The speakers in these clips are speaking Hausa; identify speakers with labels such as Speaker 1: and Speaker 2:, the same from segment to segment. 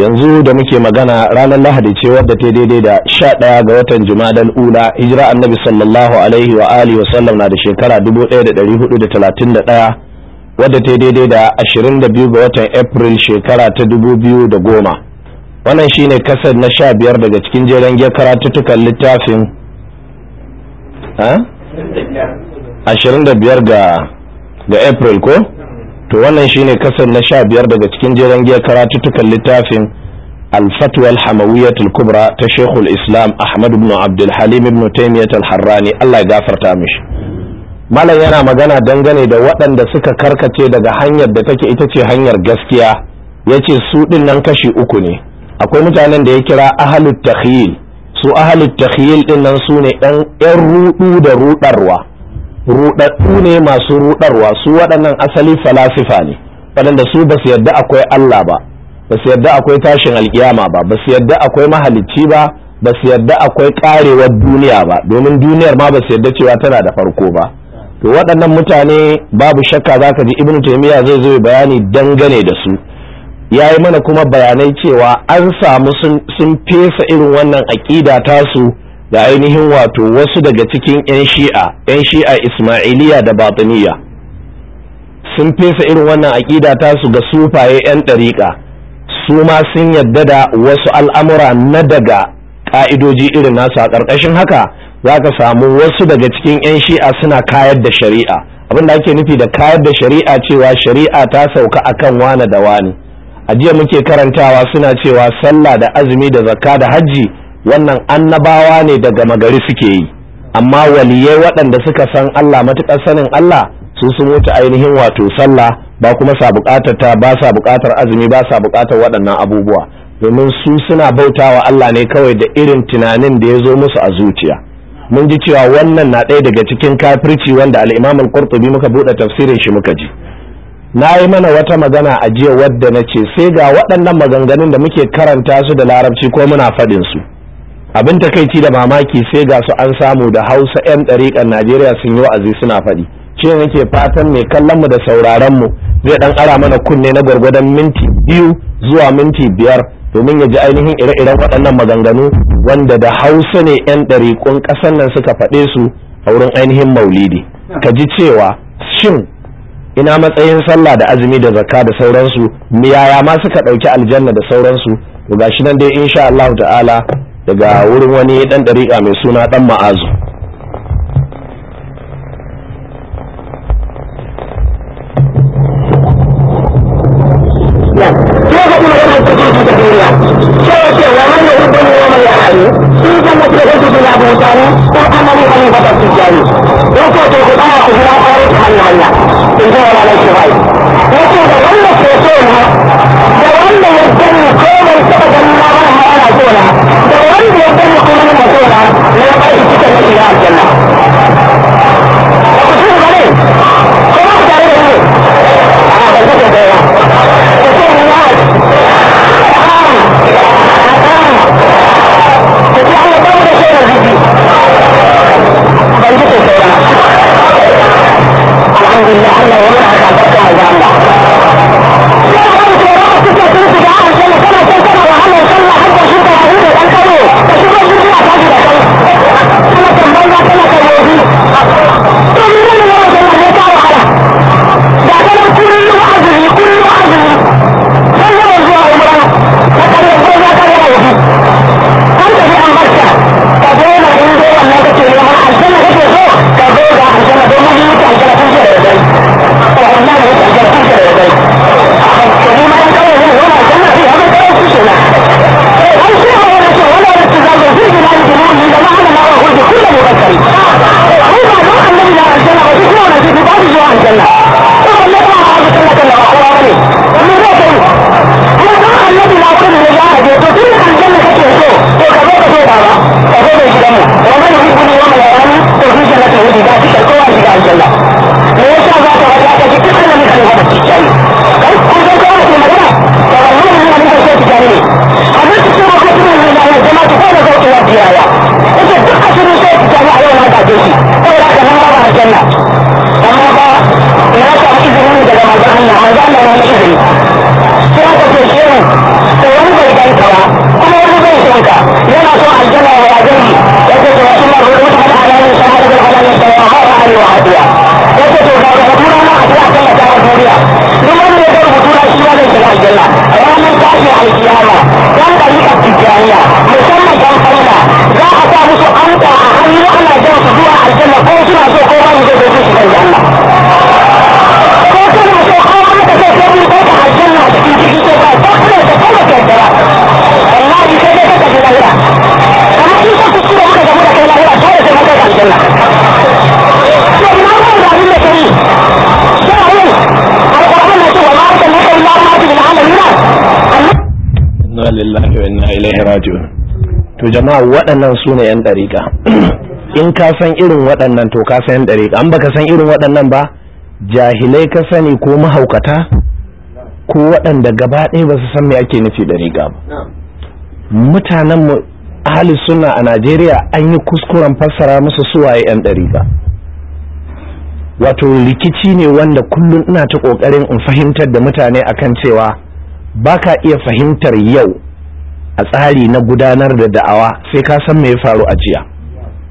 Speaker 1: yanzu da muke magana ranar lahadi ce wadda ta daidai da sha ɗaya ga watan jumadal ula hijira annabi sallallahu alaihi wa alihi wasallam na da shekara dubu ɗaya da ɗari hudu da talatin da ɗaya wadda ta daidai da ashirin da biyu ga watan april shekara ta dubu biyu da goma wannan shine kasar na sha biyar daga cikin jeren karatuttukan littafin ashirin da biyar ga april ko to wannan shine kasar na sha biyar daga cikin jeren giyar karatuttukan littafin الفتوى الحموية islam تشيخ الإسلام abdul halim عبد الحليم بن harrani allah ya gafarta mishi malam yana magana dangane da waɗanda suka karkace daga hanyar da take ita ce hanyar gaskiya ya ce su ɗinnan kashi uku ne akwai mutanen da ya kira ahalut takhil su ahalut takhil ɗinnan su ne ɗan ruɗu da ruɗarwa ruɗaɗɗu ne masu ruɗarwa su waɗannan asali falasifa ne waɗanda su ba su yadda akwai Allah ba ba su yadda akwai tashin alkiyama ba ba su yadda akwai mahalicci ba ba su yadda akwai ƙarewar duniya ba domin duniyar ma ba su yadda cewa tana da farko ba to waɗannan mutane babu shakka za ka ji ibnu taymiya zai zo bayani dangane da su ya yi mana kuma bayanai cewa an samu sun fesa irin wannan aƙida tasu su da ainihin wato wasu daga cikin 'yan shi'a 'yan shi'a ismailiya da batiniya sun fesa irin wannan aƙida su ga sufaye 'yan ɗariƙa su ma sun yadda da wasu al'amura na daga ƙa'idoji irin nasu a ƙarƙashin haka za ka samu wasu daga cikin 'yan shi'a suna kayar da shari'a abin da ake nufi da kayar da shari'a cewa shari'a ta sauka akan wane da wani a jiya muke karantawa suna cewa sallah da azumi da zakka da hajji wannan annabawa ne daga magari suke yi amma waliyai waɗanda suka san Allah matuƙar sanin Allah su sun wuce ainihin wato sallah ba kuma sa buƙatar ta ba sa buƙatar azumi ba sa buƙatar waɗannan abubuwa domin su suna bautawa Allah ne kawai da irin tunanin da ya zo musu a zuciya mun ji cewa wannan na ɗaya daga cikin kafirci wanda al-Imam al-Qurtubi muka buɗe tafsirin shi muka ji na yi mana wata magana a jiya wadda na ce sai ga waɗannan maganganun da muke karanta su da larabci ko muna faɗin su abin takaici da mamaki sai ga su an samu da hausa 'yan ɗariƙar najeriya sun yi wa'azi suna faɗi shi nake fatan mai kallon mu da sauraron mu zai dan ara mana kunne na gwargwadon minti biyu zuwa minti biyar domin ya ji ainihin ire-iren waɗannan maganganu wanda da hausa ne 'yan ɗariƙun ƙasan nan suka faɗe su a wurin ainihin maulidi ka ji cewa shin ina matsayin sallah da azumi da zakka da sauransu yaya ma suka ɗauki aljanna da sauransu to gashi nan dai insha Allah ta'ala daga wurin wani dan dariƙa mai suna dan ma'azu
Speaker 2: Thank you. लोगों को मसौदा लोगों पर इसी तरह तैयार करना
Speaker 1: to jama'a waɗannan su ne 'yan ɗariƙa in ka san irin waɗannan to ka san 'yan ɗariƙa an baka san irin waɗannan ba jahilai ka sani ko mahaukata ko waɗanda gaba ɗaya ba su san me ake nufi ɗariƙa ba mutanenmu ahli suna a najeriya an yi kuskuren fassara musu suwaye 'yan ɗariƙa wato rikici ne wanda kullum ina ta ƙoƙarin in fahimtar da mutane akan cewa baka iya fahimtar yau a tsari na gudanar da da'awa sai ka san me ya faru a jiya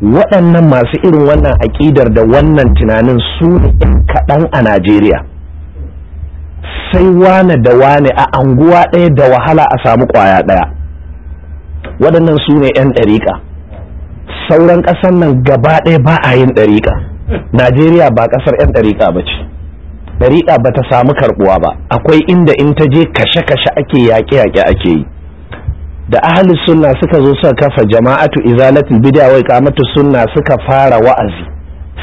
Speaker 1: waɗannan masu irin wannan aƙidar da wannan tunanin su ne kaɗan a najeriya sai wane da wane a anguwa ɗaya da wahala a samu ƙwaya ɗaya waɗannan su ne 'yan ɗariƙa sauran ƙasar nan gaba ɗaya ba a yin ɗariƙa najeriya ba ƙasar 'yan ɗariƙa ba ce ɗariƙa ba ta samu karɓuwa ba akwai inda in ta je kashe-kashe ake yaƙe-yaƙe ake yi da ahli sunna suka zo suka kafa jama'atu izalatul bid'a wa iqamatu sunna suka fara wa'azi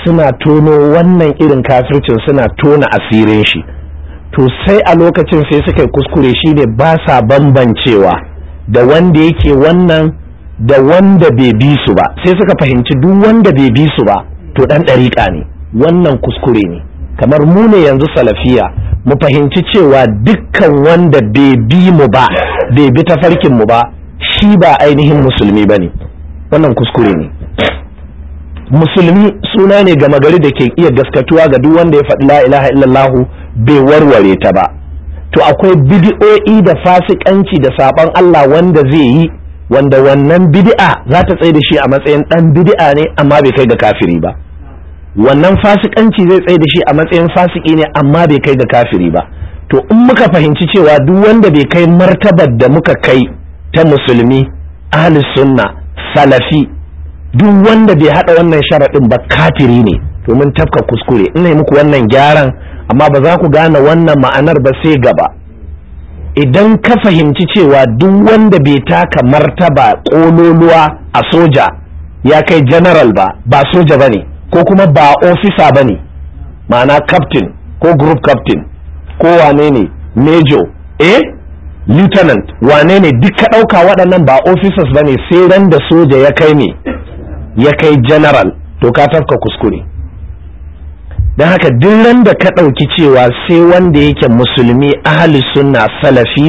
Speaker 1: suna tono wannan irin kafircin suna tona asirin shi to sai a lokacin sai suka kuskure shi ne ba sa bambancewa da wanda yake wannan da wanda bai bi su ba sai suka fahimci duk wanda bai bi su ba to dan dariƙa ne wannan kuskure ne kamar mu ne yanzu salafiya mu fahimci cewa dukkan wanda bai bi mu ba bai bi tafarkin mu ba shi ba ainihin musulmi ba ne wannan kuskure ne musulmi suna ne gama gari da ke iya gaskatuwa ga duk wanda ya faɗi la ilaha illallahu bai warware ta ba to akwai bid'o'i da fasikanci da saban Allah wanda zai yi wanda wannan bid'a za ta tsaye da shi a matsayin dan bid'a ne amma bai kai ga kafiri ba wannan fasikanci zai tsaye da shi a matsayin fasiki ne amma bai kai ga kafiri ba to in muka fahimci cewa duk wanda bai kai martabar da muka kai ta musulmi ahli sunna salafi duk wanda bai hada wannan sharaɗin ba kafiri ne to mun tafka kuskure ina yi muku wannan gyaran amma ba za ku gane wannan ma'anar ba sai gaba idan ka fahimci cewa duk wanda bai taka martaba kololuwa a soja ya kai general ba ba soja ba ne ko kuma ba ofisa ba ne ma'ana captain ko group captain ko wane ne major eh lieutenant wane ne duk ka ɗauka waɗannan ba officers ba ne sai ran da soja ya kai ne ya kai general to ka tafka kuskure don haka duk ran da ka ɗauki cewa sai wanda yake musulmi ahli sunna salafi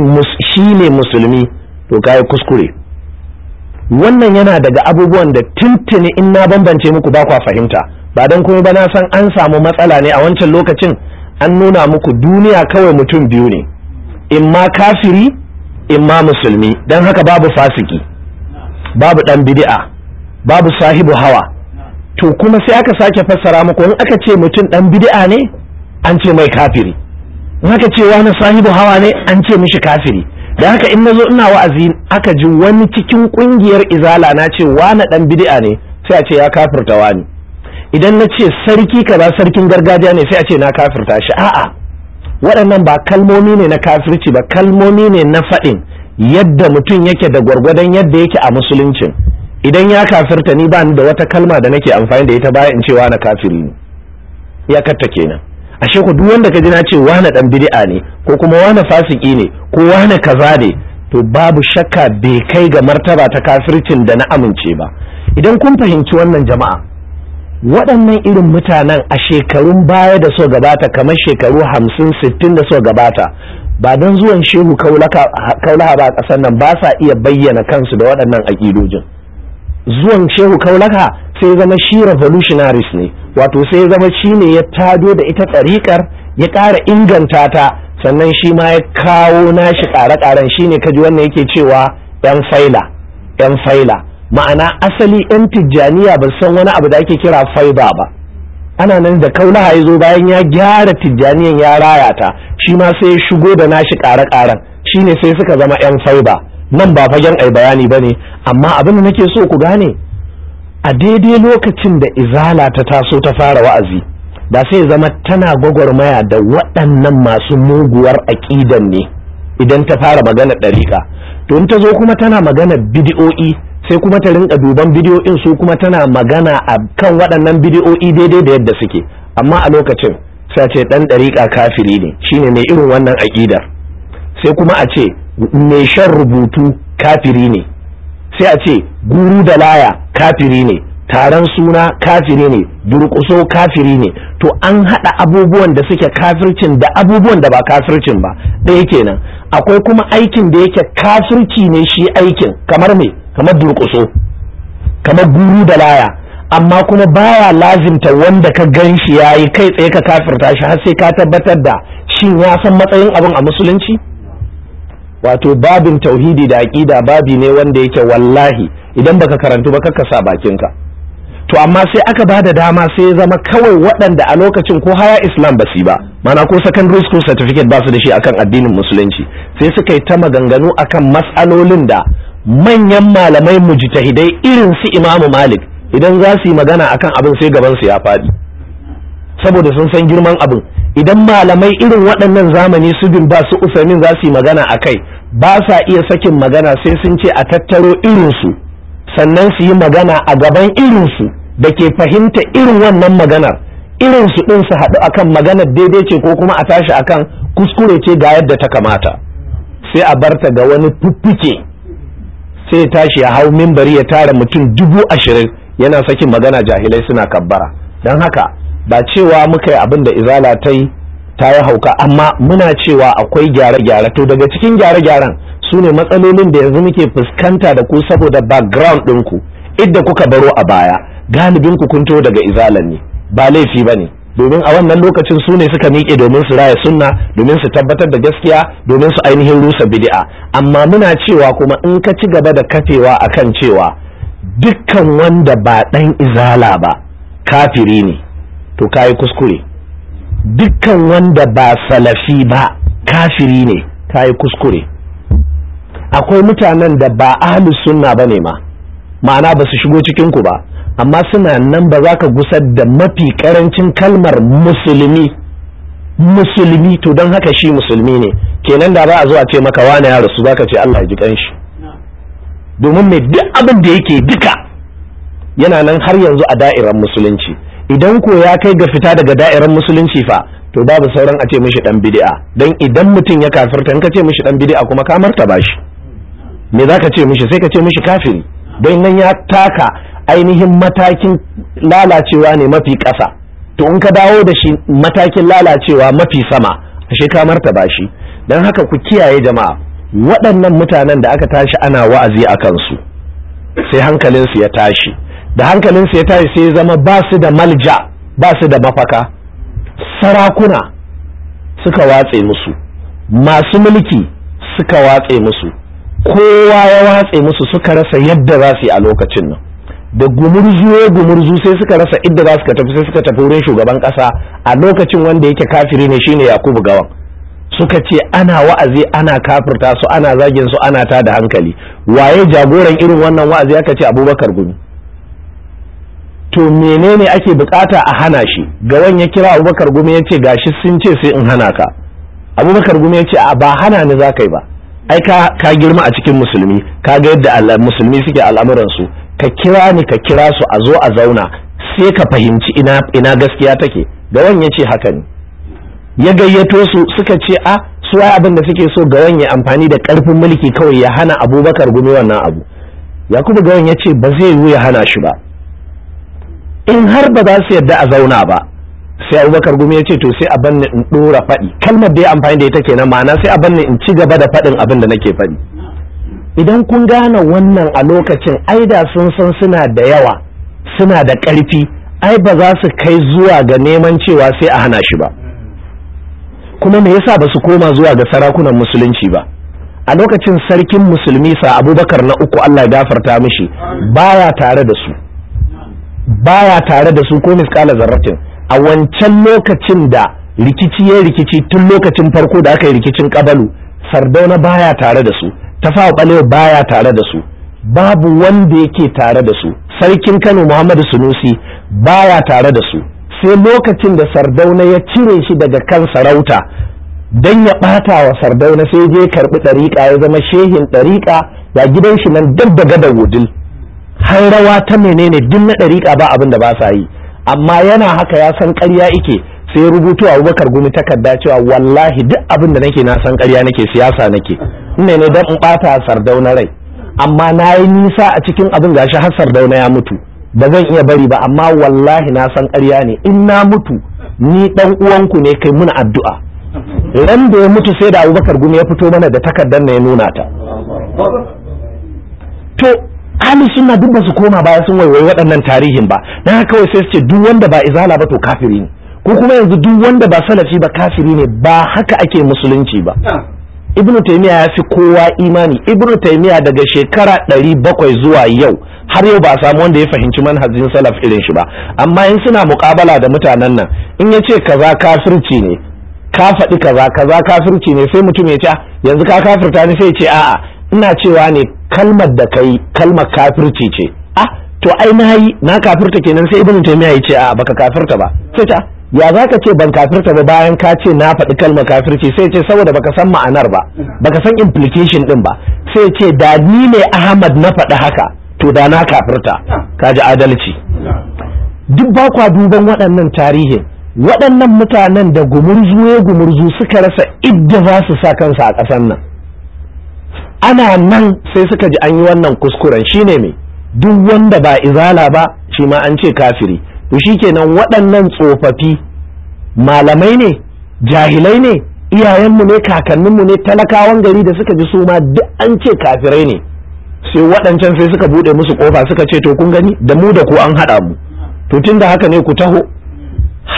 Speaker 1: shi ne musulmi to ka yi kuskure wannan yana daga abubuwan da tuntuni in na bambance muku ba kwa fahimta ba don kuma ba na san an samu matsala ne a wancan lokacin an nuna muku duniya kawai mutum biyu ne in ma kafiri in ma musulmi don haka babu fasiki babu ɗan bidi'a, babu sahibu hawa to kuma sai aka sake fassara muku in aka ce mutum ɗan bidi'a ne an ce mai kafiri in aka ce wani sahibu hawa ne an ce mishi kafiri da haka in nazo ina wa'azi aka ji wani cikin kungiyar izala na ce wani ɗan bidi'a ne sai a ce ya kafirta wani idan na ce sarki kaza sarkin gargajiya ne sai a ce na kafirta shi a'a waɗannan ba kalmomi ne na kafirci ba kalmomi ne na faɗin yadda mutum yake da gwargwadon yadda yake a musuluncin idan ya kafirta ni ba ni da wata kalma da nake amfani da ita baya in cewa na kafiri ne ya katta kenan ashe ku duk wanda ka ji na ce wani ɗan bid'a ne ko kuma wani fasiki ne ko wani kaza ne to babu shakka bai kai ga martaba ta kafircin da na amince ba idan kun fahimci wannan jama'a waɗannan irin mutanen a shekarun baya da so gabata kamar shekaru hamsin sittin da so gabata ba don zuwan shehu kaulaha ba a ƙasar nan ba sa iya bayyana kansu da waɗannan aƙidojin zuwan shehu kaulaha sai zama shi revolutionaries ne wato sai zama shi ne ya tado da ita tsarikar ya ƙara inganta ta sannan shi ma ya kawo nashi ƙare-ƙaren shi ne kaji wannan yake cewa 'yan faila 'yan faila ma'ana asali yan tijjaniya ba san wani abu da ake kira faiba ba ana nan da kaulaha ya zo bayan ya gyara tijjaniyan ya raya ta shi ma sai ya shigo da nashi ƙara ƙaren shi ne sai suka zama yan faiba nan ba fagen ai bayani ba ne amma abin da nake so ku gane a daidai lokacin da izala ta taso ta fara wa'azi da sai zama tana gwagwarmaya da waɗannan masu muguwar aƙidan ne idan ta fara magana ɗarika, to in ta zo kuma tana magana bidi'o'i sai kuma ta rinka duban in su kuma tana magana a kan waɗannan bidiyo'i daidai da yadda suke amma a lokacin sai ce ɗan ɗariƙa kafiri ne shine mai irin wannan aƙida sai kuma a ce mai shan rubutu kafiri ne sai a ce guru da laya kafiri ne taron suna kafiri ne durƙuso kafiri ne to an haɗa abubuwan da suke kafircin da abubuwan da ba kafircin ba ɗaya kenan akwai kuma aikin da yake kafirci ne shi aikin kamar me kamar durƙuso kamar guru da laya amma kuma baya lazimta wanda ka gan shi ya yi kai tsaye ka kafirta shi har sai ka tabbatar da shin ya san matsayin abin a musulunci wato babin tauhidi da aƙida babi ne wanda yake wallahi idan baka karantu ba kakkasa sa bakinka to amma sai aka ba da dama sai ya zama kawai waɗanda a lokacin ko haya islam ba su ba mana ko secondary school certificate ba su da shi akan addinin musulunci sai suka yi ta maganganu akan matsalolin da manyan malamai mujtahidai irin su imamu malik idan za su yi magana akan abin sai gaban su ya faɗi saboda sun san girman abin idan malamai irin waɗannan zamani su bin ba su usamin za su yi magana a kai ba sa iya sakin magana sai sun ce a tattaro irinsu sannan su yi magana a gaban irinsu da ke fahimta irin wannan maganar irin su ɗin su haɗu akan maganar daidai ce ko kuma a tashi akan kuskure ce ga yadda ta kamata sai a barta ga wani fuffuke sai tashi ya hau mimbari ya tara mutum dubu ashirin yana sakin magana jahilai suna kabbara don haka ba cewa muka yi abin da izala ta yi ta yi hauka amma muna cewa akwai gyare-gyare to daga cikin gyare-gyaren su ne matsalolin da yanzu muke fuskanta da ku saboda background ɗinku idda kuka baro a baya galibin ku kunto daga izalan ne ba laifi ba ne domin a wannan lokacin su ne suka miƙe domin su raya sunna domin su tabbatar da gaskiya domin su ainihin rusa bid'a amma muna cewa kuma in ka ci gaba da kafewa akan cewa dukkan wanda ba ɗan izala ba kafiri ne to kayi kuskure dukkan wanda ba salafi ba kafiri ne kayi kuskure akwai mutanen da ba ahlus sunna ba ne ma ma'ana ba su shigo cikin ku ba amma suna nan ba za ka gusar da mafi karancin kalmar musulmi musulmi to don haka shi musulmi ne kenan da ba a zuwa ce maka wane ya rasu zaka ce Allah ya ji kanshi domin mai duk abin da yake duka yana nan har yanzu a da'irar musulunci idan ko ya kai ga fita daga da'irar musulunci fa to babu sauran a ce mishi dan bid'a dan idan mutum ya kafirta in ka ce mishi dan bid'a kuma ka martaba shi me zaka ce mishi sai ka ce mishi kafiri don nan ya taka ainihin matakin lalacewa ne mafi ƙasa to in ka dawo da shi matakin lalacewa mafi sama ashe ka martaba shi don haka ku kiyaye jama'a waɗannan mutanen da aka tashi ana wa'azi a kansu sai hankalinsu ya tashi da hankalinsu ya tashi sai zama ba su da malja ba su da mafaka sarakuna suka watse musu masu mulki suka watse musu kowa ya watse musu suka rasa yadda za su yi a lokacin nan da gumurzu gumurzu sai suka rasa idda za su tafi sai suka tafi wurin shugaban kasa a lokacin wanda yake kafiri ne shine yakubu gawan suka ce ana wa'azi ana kafirta su ana zagin su ana ta da hankali waye jagoran irin wannan wa'azi aka ce abubakar gumi to menene ake bukata a hana shi gawan ya kira abubakar gumi ya ce gashi sun ce sai in hana ka abubakar gumi ya ce a ba hana ni za ka yi ba ai ka ka girma a cikin musulmi ka ga yadda musulmi suke al'amuran su ka kira ni ka kira su a zo a zauna sai ka fahimci ina ina gaskiya take gawan ya ce haka ne ya gayyato su suka ce a ah, su ai abin da suke so gawan ya amfani da karfin mulki kawai ya hana abubakar gumi wannan abu yakubu gawan ya ce ba zai yiwu ya hana shi ba in har ba za su yadda a zauna ba sai abubakar gumi ya ce to sai a in dora faɗi kalmar da ya amfani da ita kenan ma'ana sai a banni in ci gaba da faɗin abin da nake faɗi idan kun gane wannan a lokacin ai da sun san suna da yawa suna da ƙarfi ai ba za su kai zuwa ga neman cewa sai a hana shi ba kuma me yasa ba su koma zuwa ga sarakunan musulunci ba a lokacin sarkin musulmi sa abubakar na uku allah gafarta mishi baya tare da su baya tare da su ko miskala zarratin a wancan lokacin da rikici ya rikici tun lokacin farko da aka yi rikicin kabalu sardauna baya tare da su tafawa balewa baya tare da su babu wanda yake tare da su sarkin kano muhammadu sunusi baya tare da su sai lokacin da sardauna ya cire shi daga kan sarauta don ya ɓata wa sardauna sai je karɓi ɗariƙa ya zama shehin ɗariƙa ya gidan shi nan dab da gadar wudil har rawa ta menene duk na ɗariƙa ba abin da ba sa yi amma yana haka ya san ƙarya ike sai rubutu abubakar gumi takarda cewa wallahi duk abin da nake na san ƙarya nake siyasa nake ina ne dan in ɓata sardauna rai amma na yi nisa a cikin abin shi har sardauna ya mutu ba zan iya bari ba amma wallahi na san ƙarya ne in na mutu ni dan uwanku ne kai mun addu'a ran da ya mutu sai da abubakar gumi ya fito mana da takardar na ya nuna ta to ahli sunna duk ba su koma baya sun waiwayi waɗannan tarihin ba dan kawai sai su ce duk wanda ba izala ba to kafiri ne ko kuma yanzu duk wanda ba salafi ba kafiri ne ba haka ake musulunci ba ibnu taymiya ya fi kowa imani ibnu taymiya daga shekara 700 zuwa yau har yau ba a samu wanda ya fahimci manhajin salaf irin shi ba amma in suna muƙabala da mutanen nan in ya ce kaza kafirci ne ka faɗi kaza kaza kafirci ne sai mutum ya ce ah, yanzu ka kafirta ni sai ya ce a'a ina cewa ne kalmar da kai kalmar kafirci ce ah to ai na yi na kafirta kenan sai ibnu taymiya ya ce a baka kafirta ba sai ya za ce ban kafirta ba bayan ka ce na faɗi kalmar kafirci sai ce saboda baka san ma'anar ba baka san implication din ba sai ce da ni ne ahmad na faɗi haka to da na kafirta kaji adalci duk ba kwa duban waɗannan tarihin waɗannan mutanen da gumurzu ya gumurzu suka rasa idda za su sa kansa a ƙasar nan ana nan sai suka ji an yi wannan kuskuren shi me duk wanda ba izala ba shi ma an ce kafiri to shi kenan waɗannan tsofaffi malamai ne jahilai ne iyayenmu ne kakanninmu ne talakawan gari da suka ji su ma duk an ce kafirai ne sai waɗancan sai suka buɗe musu ƙofa suka ce to kun gani da mu da ku an haɗa mu to tun da haka ne ku taho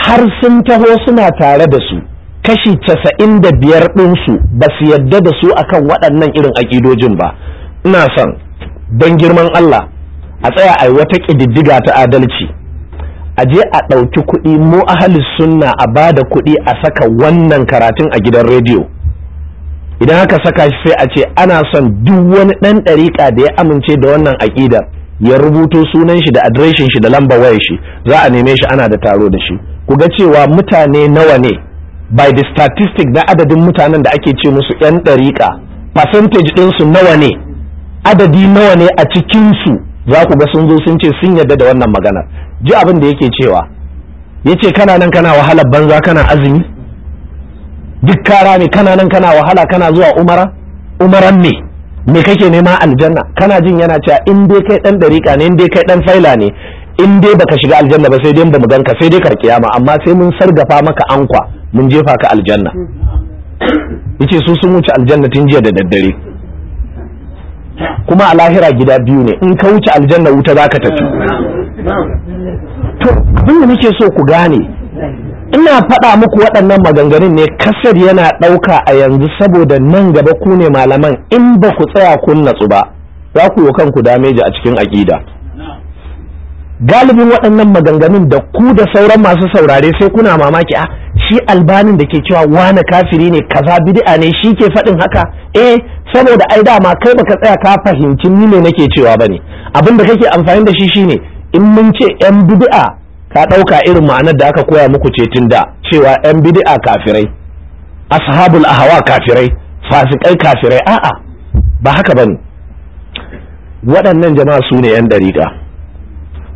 Speaker 1: har sun taho suna tare da su kashi casa'in da biyar ɗinsu ba su yadda da su akan waɗannan irin aƙidojin ba ina son don girman Allah a tsaya a yi wata ƙididdiga ta adalci a je a ɗauki kuɗi mu ahli sunna a ba da kuɗi a saka wannan karatun a gidan rediyo idan aka saka shi sai a ce ana son duk wani ɗan ɗariƙa da ya amince da wannan aƙidar ya rubuto sunan shi da adireshin shi da lambar wayar shi za a neme shi ana da taro da shi ku ga cewa mutane nawa ne by the statistic na adadin mutanen da ake ce musu 'yan ɗariƙa percentage ɗinsu nawa ne adadi nawa ne a cikinsu za ku ga sun zo sun ce sun yarda da wannan maganar ji abin da yake cewa ya ce kana nan kana wahala banza kana azumi duk kara ne kana nan kana wahala kana zuwa umara umaran ne me kake nema aljanna kana jin yana cewa in dai kai dan dariƙa ne in dai kai dan faila ne in dai baka shiga aljanna ba sai dai mu ganka sai dai kar ma amma sai mun sargafa maka ankwa mun jefa ka aljanna yace su sun wuce aljanna tun jiya da daddare kuma a lahira gida biyu ne in ka wuce aljanna wuta za ka tafi to abin da nake so ku gane ina faɗa muku waɗannan maganganun ne kasar yana ɗauka a yanzu saboda nan gaba ku ne malaman in ba ku tsaya kun natsu ba za ku yi kanku dameji a cikin aƙida galibin waɗannan maganganun da ku da sauran masu saurare sai kuna mamaki a ah, shi albanin da ke cewa wane kafiri ne kaza bidi'a ne shi ke faɗin haka eh saboda ai dama kai baka tsaya ka fahimci ni ne nake cewa bane abin da kake amfani da shi shine in mun ce yan bid'a ka ɗauka irin ma'anar da aka koya muku ce tun da cewa yan bid'a kafirai ashabul ahawa kafirai fasikai kafirai a'a ba haka bane waɗannan jama'a su ne yan dariƙa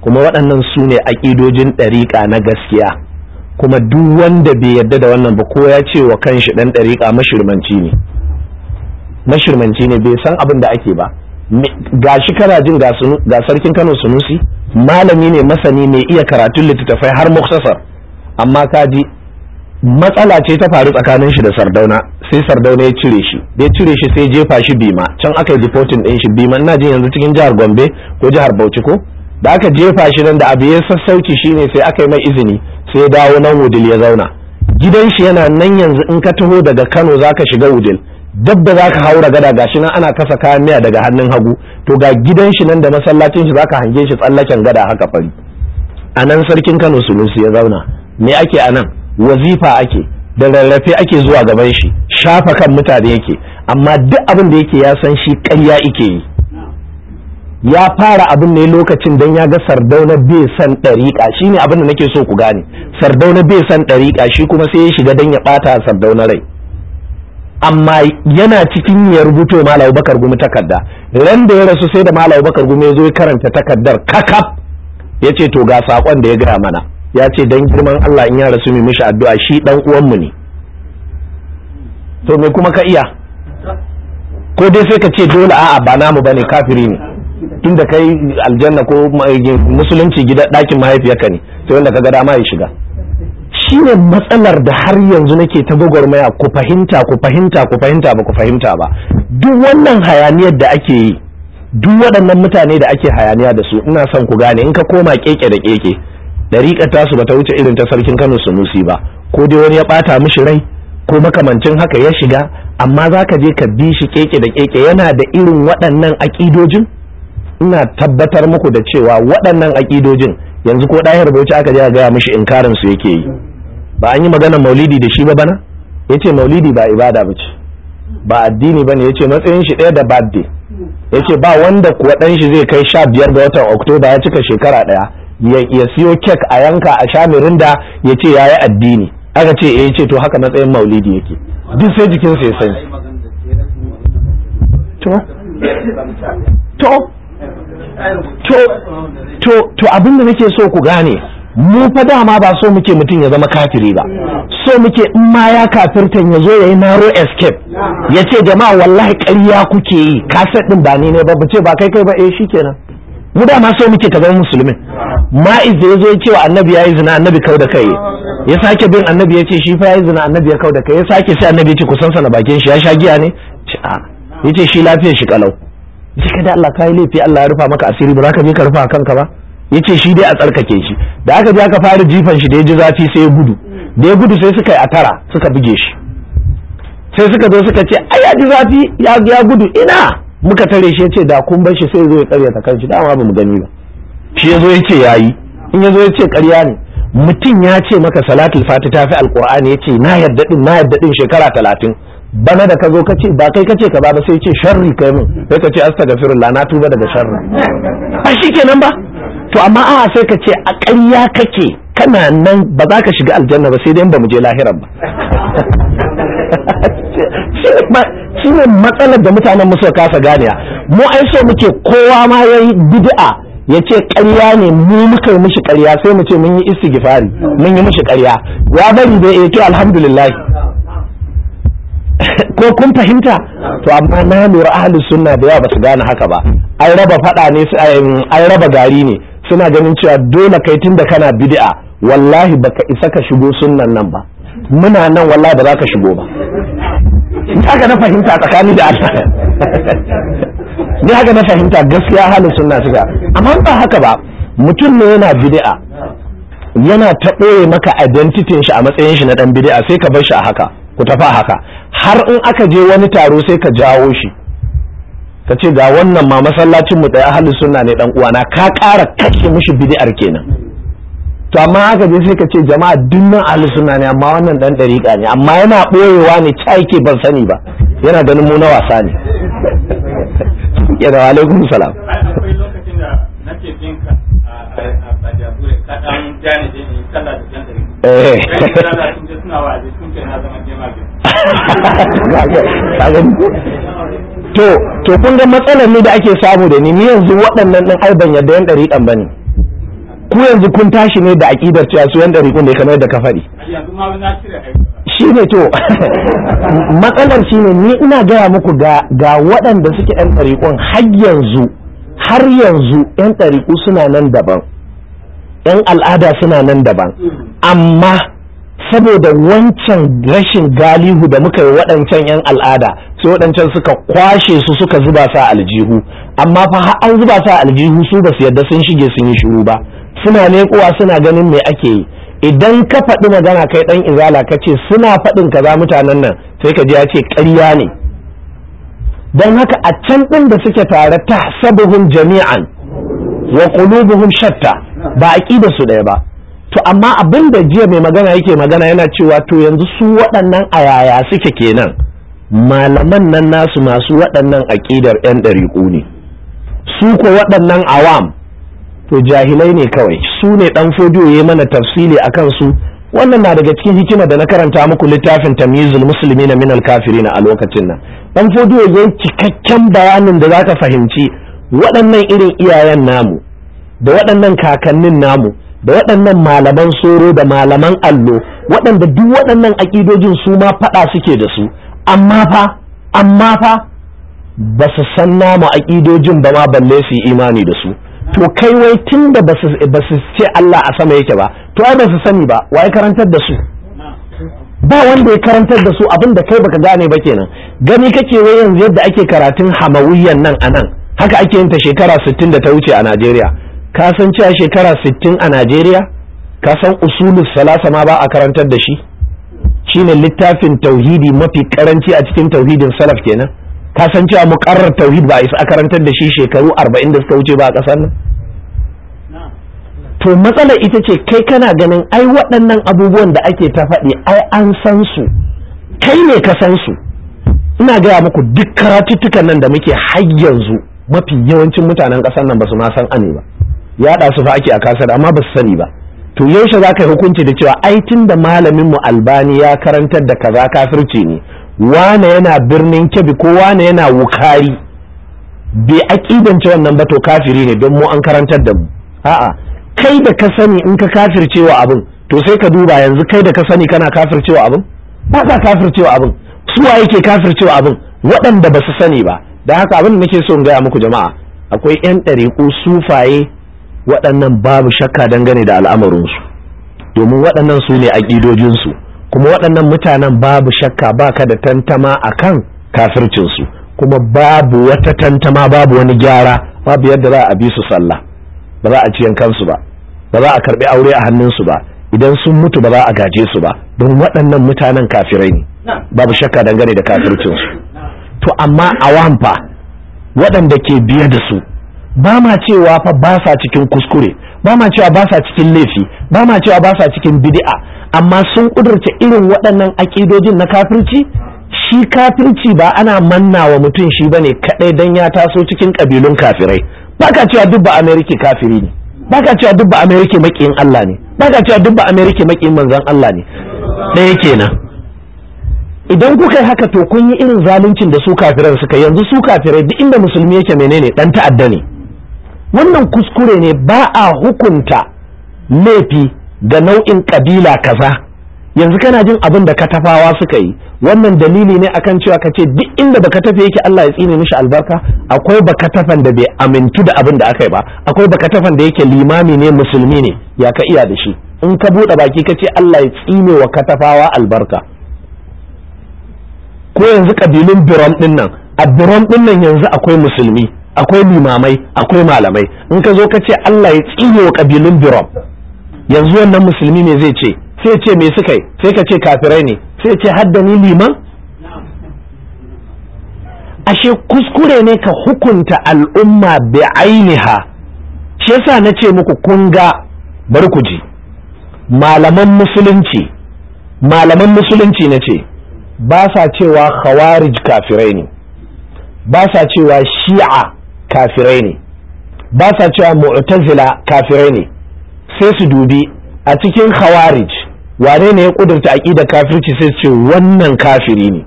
Speaker 1: kuma waɗannan su ne aƙidojin ɗariƙa na gaskiya kuma duk wanda bai yarda da wannan ba ko ya ce wa kanshi ɗan ɗariƙa mashirmanci ne mashirmanci ne bai san abin da ake ba ga shi kana jin ga sarkin kano sunusi malami ne masani mai iya karatun littattafai har muktasar amma ka ji matsala ce ta faru tsakanin shi da sardauna sai sardauna ya cire shi ya cire shi sai jefa shi bima can aka yi deporting ɗin shi bima ina jin yanzu cikin jihar gombe ko jihar bauchi ko da aka jefa shi nan da abu ya sassauki shi ne sai aka yi mai izini sai dawo nan wudil ya zauna gidan shi yana nan yanzu in ka taho daga Kano zaka shiga wudil dab da zaka haura gada gashi nan ana kasa kayan miya daga hannun hagu to ga gidan shi nan da masallacin shi zaka hange shi tsallaken gada haka fari a nan sarkin Kano Sulusi ya zauna me ake a nan wazifa ake da rarrafe ake zuwa gaban shi shafa kan mutane yake amma duk abin da yake ya san shi ƙarya ike yi ya fara abin ne lokacin don ya ga sardauna bai san ɗariƙa ne abin da nake so ku gane sardauna bai san ɗariƙa shi kuma sai ya shiga don ya ɓata sardauna rai amma yana cikin ya rubuto malam bakar gumi takarda ran da ya rasu sai da malam bakar gumi ya zo ya karanta takardar kakaf ya ce to ga saƙon da ya gaya mana ya ce don girman allah in ya rasu mai mishi addu'a shi uwan uwanmu ne to me kuma ka iya ko dai sai ka ce dole a'a ba namu bane kafiri ne inda kai aljanna ko musulunci gida ɗakin mahaifiyarka ne sai wanda ka ga dama ya shiga shine matsalar da har yanzu nake ta gwagwarmaya ku fahimta ku fahimta ku fahimta ba ku fahimta ba duk wannan hayaniyar da ake yi duk waɗannan mutane da ake hayaniya da su ina son ku gane in ka koma keke da keke ɗariƙa tasu ba ta wuce irin ta sarkin kano sunusi ba ko dai wani ya ɓata mishi rai ko makamancin haka ya shiga amma za ka je ka bi shi keke da keke yana da irin waɗannan aƙidojin ina tabbatar muku da cewa waɗannan aƙidojin yanzu ko ɗahir bauchi aka je a gaya mishi inkarin su yake yi ba an yi magana maulidi da shi ba bana Ya ce maulidi ba ibada ba ce ba addini bane ce matsayin shi ɗaya da Ya ce ba wanda kuwa ɗan shi zai kai sha biyar ga watan oktoba ya cika shekara ɗaya ya siyo kek a yanka a sha mirinda ya ce ya yi addini aka ce eh, ya ce to haka matsayin maulidi yake duk sai jikinsa ya sani to abin da nake so ku gane mu fa dama ba so muke mutum ya zama kafiri ba so muke in ma ya kafirtan ya zo ya yi naro escape ya ce jama'a wallahi ƙarya kuke yi kaset ɗin ba ni ne ba ce ba kai kai ba eh shikenan mu dama so muke ka zama musulmin ma'iz da ya zo ya ce wa annabi ya yi zina annabi kau da kai ya sake bin annabi ya ce shi fa ya yi zina annabi ya kau da kai ya sake sai annabi ya ce kusan sana bakin shi ya sha giya ne ya ce shi lafiyar shi kalau jika da Allah kai laifi Allah ya rufa maka asiri ba za ka je ka rufa kanka ba yace shi dai a tsarkake shi da aka je aka fara jifan shi da ya ji zafi sai ya gudu da ya gudu sai suka yi a suka buge shi sai suka zo suka ce ai ya ji zafi ya gudu ina muka tare shi ya ce da kun bar shi sai zo ya ta kanshi dama ba mu gani ba shi ya zo ya yayi in ya zo ya ce karya ne mutum ya ce maka salatul fati ta fi alkur'ani ya ce na yadda din na yadda din shekara talatin bana da ka zo ka ce ba kai ka ce ka ba sai ce sharri kai mun sai ka ce astaghfirullah na tuba daga sharri
Speaker 2: ba
Speaker 1: kenan ba to amma a sai ka ce a ƙarya kake kana nan ba za ka shiga aljanna ba sai dai ba mu je lahiran ba shi ne matsalar da mutanen mu suka kasa ganiya mu ai so muke kowa ma yayi bid'a ya ce ƙarya ne mu muka mishi ƙarya sai mu ce mun yi istighfari mun yi mishi ƙarya ya bari da ya eh, to alhamdulillah ko kun fahimta to amma na lura ahlus sunna da yawa su gane haka ba an raba fada ne eh, an raba gari ne suna ganin cewa dole kai tunda kana bid'a wallahi baka isa ka shigo sunnan nan ba muna nan wallahi ba za ka shigo ba haka na fahimta tsakani da Allah ni haka na fahimta gaskiya halin sunna suka amma ba haka ba mutum ne yana bid'a yana ta maka identity shi a matsayin shi na dan bid'a sai ka bar shi a haka ku tafi a haka har in aka je wani taro sai ka jawo shi ka ce ga wannan ma masallacin mu ɗaya ahalin sunna ne dan uwana ka ƙara kashe mishi bid'ar kenan to amma haka dai sai ka ce jama'a dinnan ahli sunna ne amma wannan dan dariƙa ne amma yana boyewa ne ta yake ban sani ba yana ganin mu na wasa ne ya da alaikum salam
Speaker 3: eh to
Speaker 1: to kun ga matsalar ne da ake samu da ni yanzu waɗannan ɗin ai ban yadda yan ɗari ɗan bane ku yanzu kun tashi ne da aƙidar cewa su yan ɗari kun da kamar da ka faɗi shi ne to matsalar shi ne ni ina gaya muku ga ga waɗanda suke yan ɗari har yanzu har yanzu yan ɗari suna nan daban yan al'ada suna nan daban amma saboda wancan rashin galihu da muka yi waɗancan 'yan al'ada sai waɗancan suka kwashe su suka zuba sa aljihu amma fa har an zuba sa aljihu su ba su yadda sun shige sun yi shiru ba suna neƙuwa suna ganin me ake yi idan ka faɗi magana kai ɗan izala ka ce suna faɗin kaza mutanen nan sai ka ji ya ce ƙarya ne don haka a can ɗin da suke tare ta sabuhun jami'an wa buhun shatta ba a ƙi da su ɗaya ba to amma abin da jiya mai magana yake magana yana cewa to yanzu su waɗannan a yaya suke kenan malaman nan nasu masu waɗannan aƙidar 'yan ɗariƙu ne su ko waɗannan awam to jahilai ne kawai su ne ɗan fodiyo ya mana tafsili a kansu wannan na daga cikin hikima da na karanta muku littafin tamyizul musulmi na minal kafiri na a lokacin nan ɗan fodiyo ya cikakken bayanin da za ka fahimci waɗannan irin iyayen namu da waɗannan kakannin namu da waɗannan malaman soro da malaman allo waɗanda duk waɗannan aƙidojin su ma faɗa suke da su amma fa amma fa ba su san namu aƙidojin ba ma balle su yi imani da su to kai wai tun da ba su ce Allah a sama yake ba to ai ba su sani ba wai karantar da su ba wanda ya karantar da su abin da kai baka gane ba kenan gani kake wai yanzu yadda ake karatun hamawiyan nan a nan haka ake yin ta shekara 60 da ta wuce a Najeriya ka san cewa shekara 60 a Najeriya ka san usulul salasa ma ba a karantar da shi shine littafin tauhidi mafi karanci a cikin tauhidin salaf kenan ka san cewa muqarrar tauhid ba a isa karantar da shi shekaru 40 da suka wuce ba a kasar nan to matsalar ita ce kai kana ganin ai waɗannan abubuwan da ake ta faɗi ai an san su kai ne ka san su ina gaya muku duk karatuttukan nan da muke har yanzu mafi yawancin mutanen ƙasar nan ba su ma san ane ba yaɗa su fa ake a kasar amma ba su sani ba to yaushe za ka yi hukunci da cewa ai tun da malamin mu albani ya karantar da kaza kafirci ne wane yana birnin kebi ko wane yana wukari bai aƙidance wannan ba to kafiri ne don mu an karantar da mu a'a kai da ka sani in ka kafircewa abin to sai ka duba yanzu kai da ka sani kana kafircewa abin ba ka kafircewa abin su suwa yake kafircewa abin waɗanda ba su sani ba da haka abin da nake so in gaya muku jama'a akwai 'yan ɗariƙu sufaye waɗannan babu shakka dangane da al'amarinsu domin waɗannan su ne aƙidojinsu kuma waɗannan mutanen babu shakka baka da tantama a kan kafircinsu kuma babu wata tantama babu wani gyara babu yadda za a bi su sallah ba za a ci yankansu ba ba za a karɓi aure a hannunsu ba idan sun mutu ba za a gaje su ba don waɗannan mutanen kafirai ne babu shakka dangane da kafircinsu to amma a wamfa waɗanda ke biye da su ba ma cewa fa ba sa cikin kuskure ba ma cewa ba sa cikin laifi ba ma cewa ba sa cikin bid'a amma sun kudurta irin waɗannan aƙidojin na kafirci shi kafirci ba ana manna wa mutum shi ba ne kaɗai dan ya taso cikin ƙabilun kafirai Ba ka cewa duk ba amerika kafiri ne ba ka cewa duk ba amerika maƙiyin Allah ne ba ka cewa duk ba amerika maƙiyin manzon Allah ne ɗaya kenan idan kuka yi haka to kun yi irin zaluncin da su kafiran suka yanzu su kafirai duk inda musulmi yake menene dan ta'adda ne wannan kuskure ne ba a hukunta laifi da nau'in kabila kaza yanzu kana jin abin da katafawa suka yi wannan dalili ne akan cewa ka ce duk inda baka tafe yake Allah ya tsine mishi albarka akwai baka tafan da bai amintu da abin da aka yi ba akwai baka tafan da yake limami ne musulmi ne ya ka iya da shi in ka buɗe baki ka ce Allah ya tsine wa katafawa albarka ko yanzu kabilun biram din nan a biram din nan yanzu akwai musulmi akwai limamai akwai malamai in ka zo ka ce Allah ya tsiro wa kabilun birom yanzu wannan musulmi ne zai ce sai ce me suka yi sai ka ce kafirai ne sai ce haddani liman ashe kuskure ne ka hukunta al'umma bi ainiha shi yasa na ce muku kun ga bari ku ji malaman musulunci malaman musulunci na ce ba sa cewa khawarij kafirai ne ba sa cewa shi'a kafirai ne ba sa cewa mu'tazila kafirai ne sai su dubi a cikin khawarij wane ne ya kudurta aqidar kafirci sai su ce wannan kafiri ne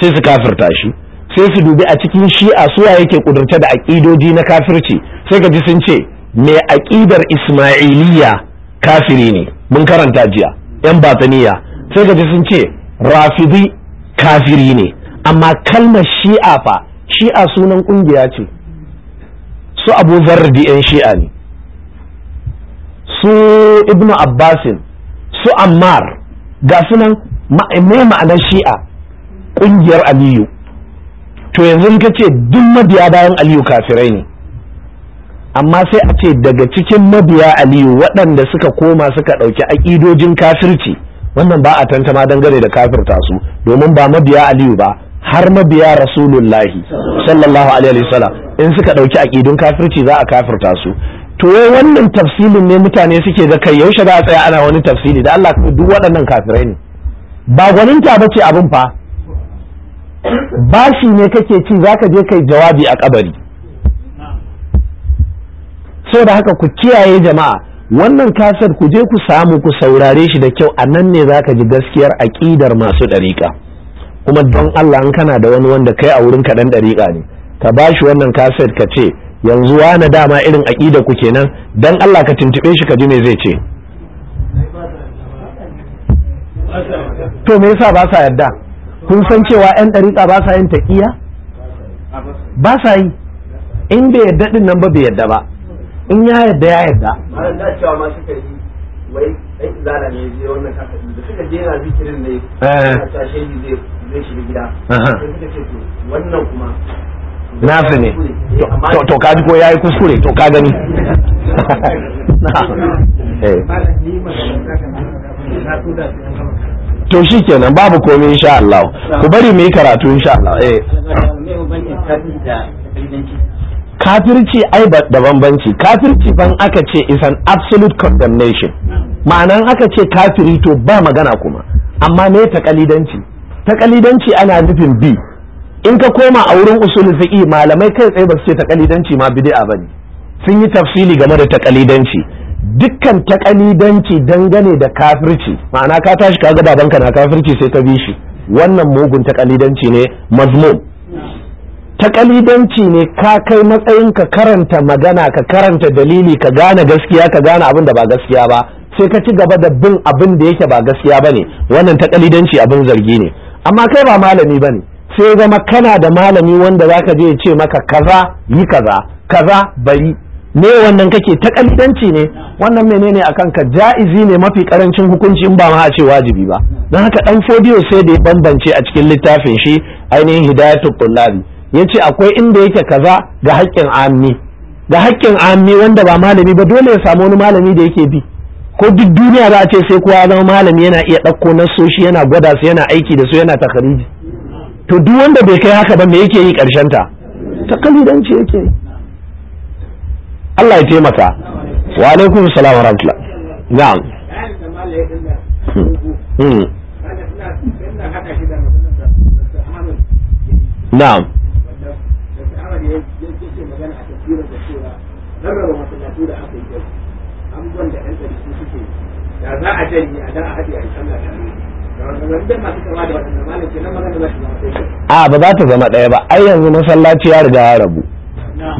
Speaker 1: sai su kafirta shi sai su dubi a cikin shi'a suwa yake kudurta da aqidoji na kafirci sai ka ji sun ce mai aqidar ismailiya kafiri ne mun karanta jiya yan bataniya sai ka ji sun ce rafidi kafiri ne amma kalmar shi'a fa shi'a sunan kungiya ce su abu zardi yan shi'a ne su ibnu abbasin su ammar ga sunan mai ma'anar shi'a ƙungiyar aliyu to yanzu ka ce duk mabiya bayan aliyu kafirai ne amma sai a ce daga cikin mabiya aliyu waɗanda suka koma suka ɗauki aƙidojin kafirci wannan ba a tantama dangane da kafirta su domin ba mabiya aliyu ba har mabiya rasulullahi sallallahu alaihi wasallam in suka dauki aqidun kafirci za a kafirta su to wai wannan tafsilin ne mutane suke ga kai yaushe za a tsaya ana wani tafsili da Allah duk waɗannan kafirai ne ba gwaninta bace abin fa bashi ne kake ci zaka je kai jawabi a kabari da haka ku kiyaye jama'a wannan kasar ku je ku samu ku saurare shi da kyau a nan ne zaka ji gaskiyar aƙidar masu ɗariƙa kuma don Allah an kana da wani wanda kai a wurin ka dan dariƙa ne ka bashi wannan kaset ka ce yanzu wani dama irin aƙida ku kenan don Allah ka tuntuɓe shi ka ji me zai ce to me yasa ba sa yadda kun san cewa yan dariƙa ba sa yin taƙiya ba sa yi in bai yadda din nan ba bai yadda ba in ya yadda ya yadda
Speaker 3: wai ɗan izala ne zai wannan kasa da suka jera zikirin ne eh. a tashe zai na shiga to wannan ne
Speaker 1: to ko ya yi kuskure to ka gani eh. to shi kenan babu komi insha Allah ku bari mu yi karatu insha Allah eh kafirci ai da bambanci kafirci ban aka ce is an absolute condemnation ma'anan aka ce kafiri to ba magana kuma amma ne ta kalidanci ta ana nufin bi in ka koma a wurin usul fiqi malamai kai tsaye ba su ce ta kalidanci ma bid'a bane sun yi tafsili game da ta kalidanci dukkan ta dangane da kafirci ma'ana ka tashi ka ga babanka na kafirci sai ka bi shi wannan mugun ta kalidanci ne mazmum ta ne ka kai matsayin ka karanta magana ka karanta dalili ka gane gaskiya ka gane abin da ba gaskiya ba sai ka ci gaba da bin abin da yake ba gaskiya bane wannan ta abin zargi ne amma kai ba malami ne. sai zama kana da malami wanda zaka je ya ce maka kaza yi kaza kaza bari Ne wannan kake ta kalidanci ne wannan menene akan ka ja'izi ne mafi karancin hukunci in ba ma a ce wajibi ba don haka dan fodiyo sai da ya bambance a cikin littafin shi ainihin hidayatul Ya ce akwai inda yake kaza ga haƙƙin ammi ga haƙƙin ammi wanda ba malami ba dole ya samu wani malami da yake bi ko duk duniya za a ce sai kowa zama malami yana iya ɗauko na soshi yana gwada su yana aiki da su yana takariji to duk wanda bai kai haka ba me yake yi ƙarshen ta kalidanci yake yi Allah ya taimaka wa alaikum salam wa rahmatullah na'am hmm. na'am da a ba za ta zama ɗaya ba ai yanzu masallaci ya riga ya rabu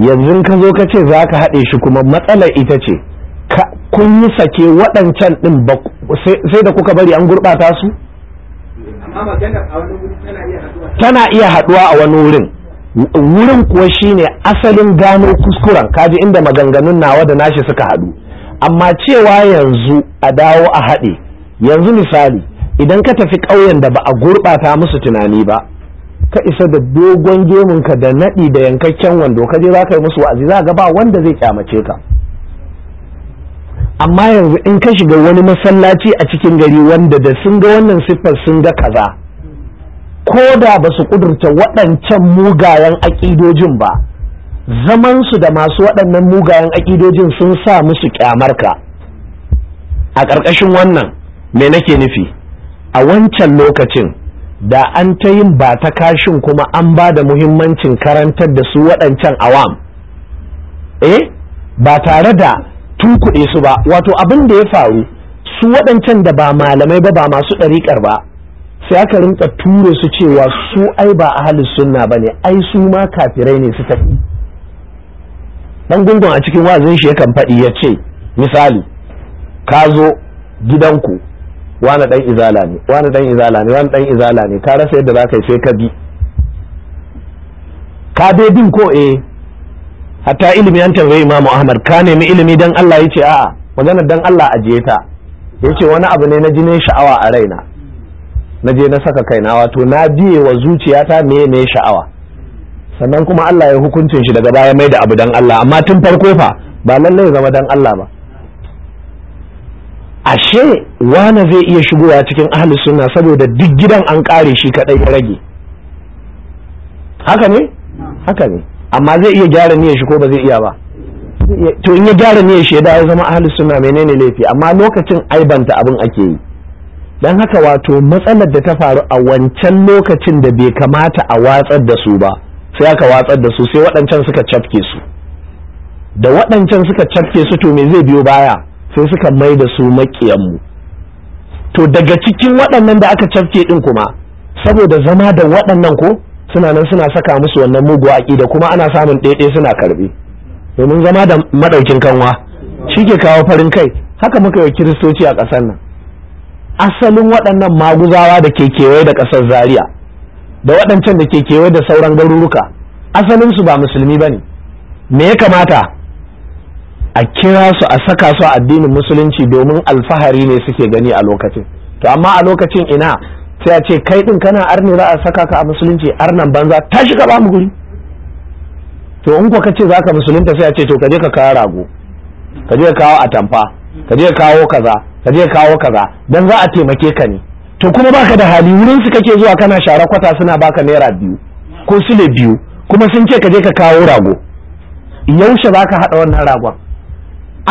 Speaker 1: yanzu ka zo ka ce za ka haɗe shi kuma matsalar ita ce kun yi sake waɗancan ɗin sai da kuka bari an gurɓata su tana iya haɗuwa a wani wurin wurin kuwa shine asalin gano kuskuren kaji inda maganganun nawa da nashi suka haɗu amma cewa yanzu a dawo a haɗe yanzu misali idan ka tafi ƙauyen da ba a gurɓata musu tunani ba ka isa da dogon gemunka da naɗi da yankakken wando ka je za ka yi musu wa'azi za ga ba wanda zai kyamace ka amma yanzu in ka shiga wani masallaci a cikin gari wanda da sun ga wannan siffar sun ga kaza ko da ba su kudurta waɗancan mugayen aƙidojin ba Zaman su da masu waɗannan mugayen aƙidojin sun sa musu ka a ƙarƙashin wannan me nake nufi a wancan lokacin da an ta yin ba ta kashin kuma an ba da muhimmancin karantar da su waɗancan awam eh ba tare da tunkuɗe su ba wato abin da ya faru su waɗancan da ba malamai ba ba masu ɗariƙar ba sai aka rinka ture su cewa su ai ba ahalus sunna ba ne ai su ma kafirai ne su tafi dan gungun a cikin wazin shi yakan faɗi ya ce misali ka zo gidanku wani dan izala ne wani dan izala ne wani dan izala ne ka rasa yadda za ka yi sai ka bi ka dai bin ko eh hatta ilimi an tambayi imamu ahmad ka nemi ilimi dan Allah yace a'a magana dan Allah ajiye ta ce wani abu ne na ji sha'awa a raina na je na saka kaina wato na biye wa zuciyata me ne sha'awa sannan kuma Allah ya hukuncin shi daga baya mai da abu dan Allah amma tun farko fa ba lallai zama dan Allah ba ashe wane zai iya shigowa cikin ahli sunna saboda duk gidan an kare shi kadai ya rage haka ne haka ne amma zai iya gyara niyyar shi ko ba zai iya ba to in ya gyara niyyar shi ya dawo zama ahli sunna menene laifi amma lokacin aibanta abin ake yi dan haka wato matsalar da ta faru a wancan lokacin da bai kamata a watsar da su ba sai aka watsar da su sai waɗancan suka cafke su da waɗancan suka cafke su to me zai biyo baya sai suka mai da su maƙiyanmu to daga cikin waɗannan da aka cafke ɗin kuma saboda zama da waɗannan ko suna nan suna saka musu wannan mugu da kuma ana samun ɗaiɗai suna karbi domin zama da maɗaukin kanwa shi ke kawo farin kai haka muka yi kiristoci a ƙasar nan asalin waɗannan maguzawa da ke kewaye da ƙasar zaria da waɗancan da ke kewaye da sauran garuruka asalinsu ba musulmi ba ne me ya kamata a kira su a saka su a addinin musulunci domin alfahari ne suke gani a lokacin to amma a lokacin ina sai a ce kai ɗin kana arne za a saka ka a musulunci arnan banza tashi ka ba mu guri to in ka ce za ka musulunta sai a ce to kaje ka kawo rago ka je ka kawo atamfa ka je ka kawo kaza ka je ka kawo kaza dan za a taimake ka ne to kuma baka da hali wurin su kake zuwa kana shara kwata suna baka naira biyu ko sule biyu kuma sun ce ka je ka kawo rago yaushe baka hada wannan ragon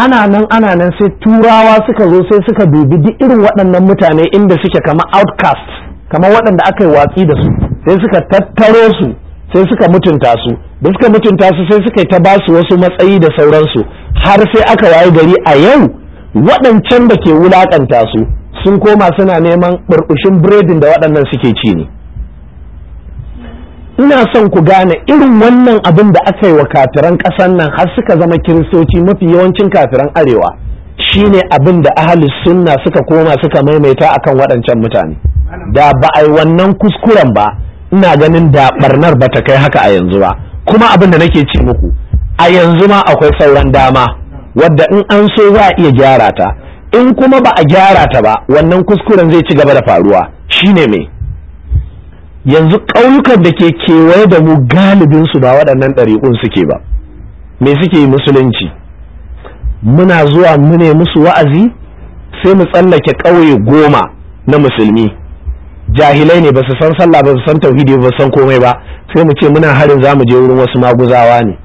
Speaker 1: ana nan ana nan sai turawa suka zo sai suka dubi duk irin waɗannan mutane inda suke kama outcast kama waɗanda aka yi watsi da su sai suka tattaro su sai suka mutunta su da suka mutunta su sai suka yi ta basu wasu matsayi da sauransu har sai aka waye gari a yau waɗancan da ke wulaƙanta su sun koma suna neman burbushin biredin da waɗannan suke ci ne ina son ku gane irin wannan abin da aka yi wa kafiran ƙasan nan har suka zama kiristoci mafi yawancin kafiran arewa shine abin da ahli sunna suka koma suka maimaita akan waɗancan mutane da ba a yi wannan kuskuren ba ina ganin da barnar ba ta kai haka a yanzu ba kuma abin da nake ce muku a yanzu ma akwai sauran dama wadda in an so za a iya gyara ta in kuma ba a gyara ta ba wannan kuskuren zai ci gaba da faruwa shi ne me yanzu ƙauyukan da ke kewaye da mu galibin su ba waɗannan ɗariƙun suke ba me suke yi musulunci muna zuwa mune musu wa'azi sai mu tsallake ƙauye goma na musulmi jahilai ne ba su san sallah ba su san tauhidi ba su san komai ba sai mu ce muna harin za mu je wurin wasu maguzawa ne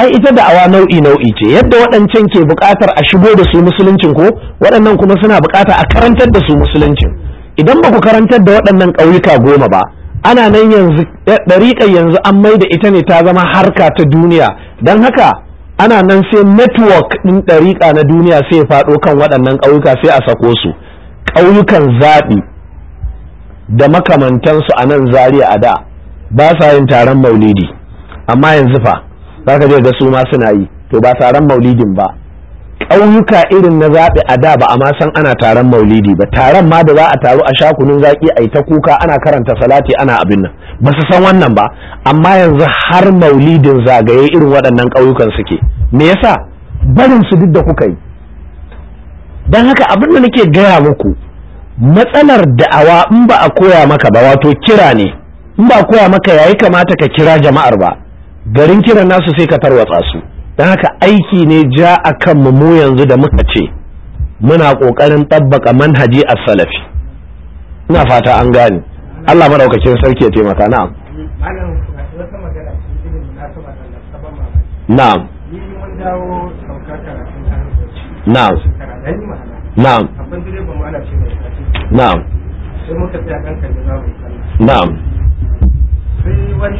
Speaker 1: ai ita da awa nau'i nau'i ce yadda waɗancan ke buƙatar a shigo da su musuluncin ko waɗannan kuma suna buƙata a karantar da su musuluncin idan ba ku karantar da waɗannan ƙauyuka goma ba ana nan yanzu ɗariƙa yanzu an mai da ita ne ta zama harka ta duniya don haka ana nan sai network ɗin ɗariƙa na duniya sai ya faɗo kan waɗannan ƙauyuka sai a sako su ƙauyukan zaɓi da makamantansu a nan zariya a da ba sa yin taron maulidi amma yanzu fa za ka je ga su ma suna yi to ba taron maulidin ba ƙauyuka irin na zaɓi a da ba a ma san ana taron maulidi ba taron ma da za a taru a shakunin zaki, zaƙi a yi ta kuka ana karanta salati ana abin nan ba su san wannan ba amma yanzu har maulidin zagaye irin waɗannan ƙauyukan suke me yasa barin su duk da kuka yi don haka abin da nake gaya muku matsalar da'awa in ba a koya maka ba wato kira ne in ba a koya maka yayi kamata ka kira jama'ar ba garin kiran nasu sai ka tarwatsa su don haka aiki ne ja a kanmu mu yanzu da muka ce muna ƙoƙarin tabbaka manhaji a salafi ina fata an gane Allah madaukakin sarki ya taimaka na'am na'am na'am na'am na'am na'am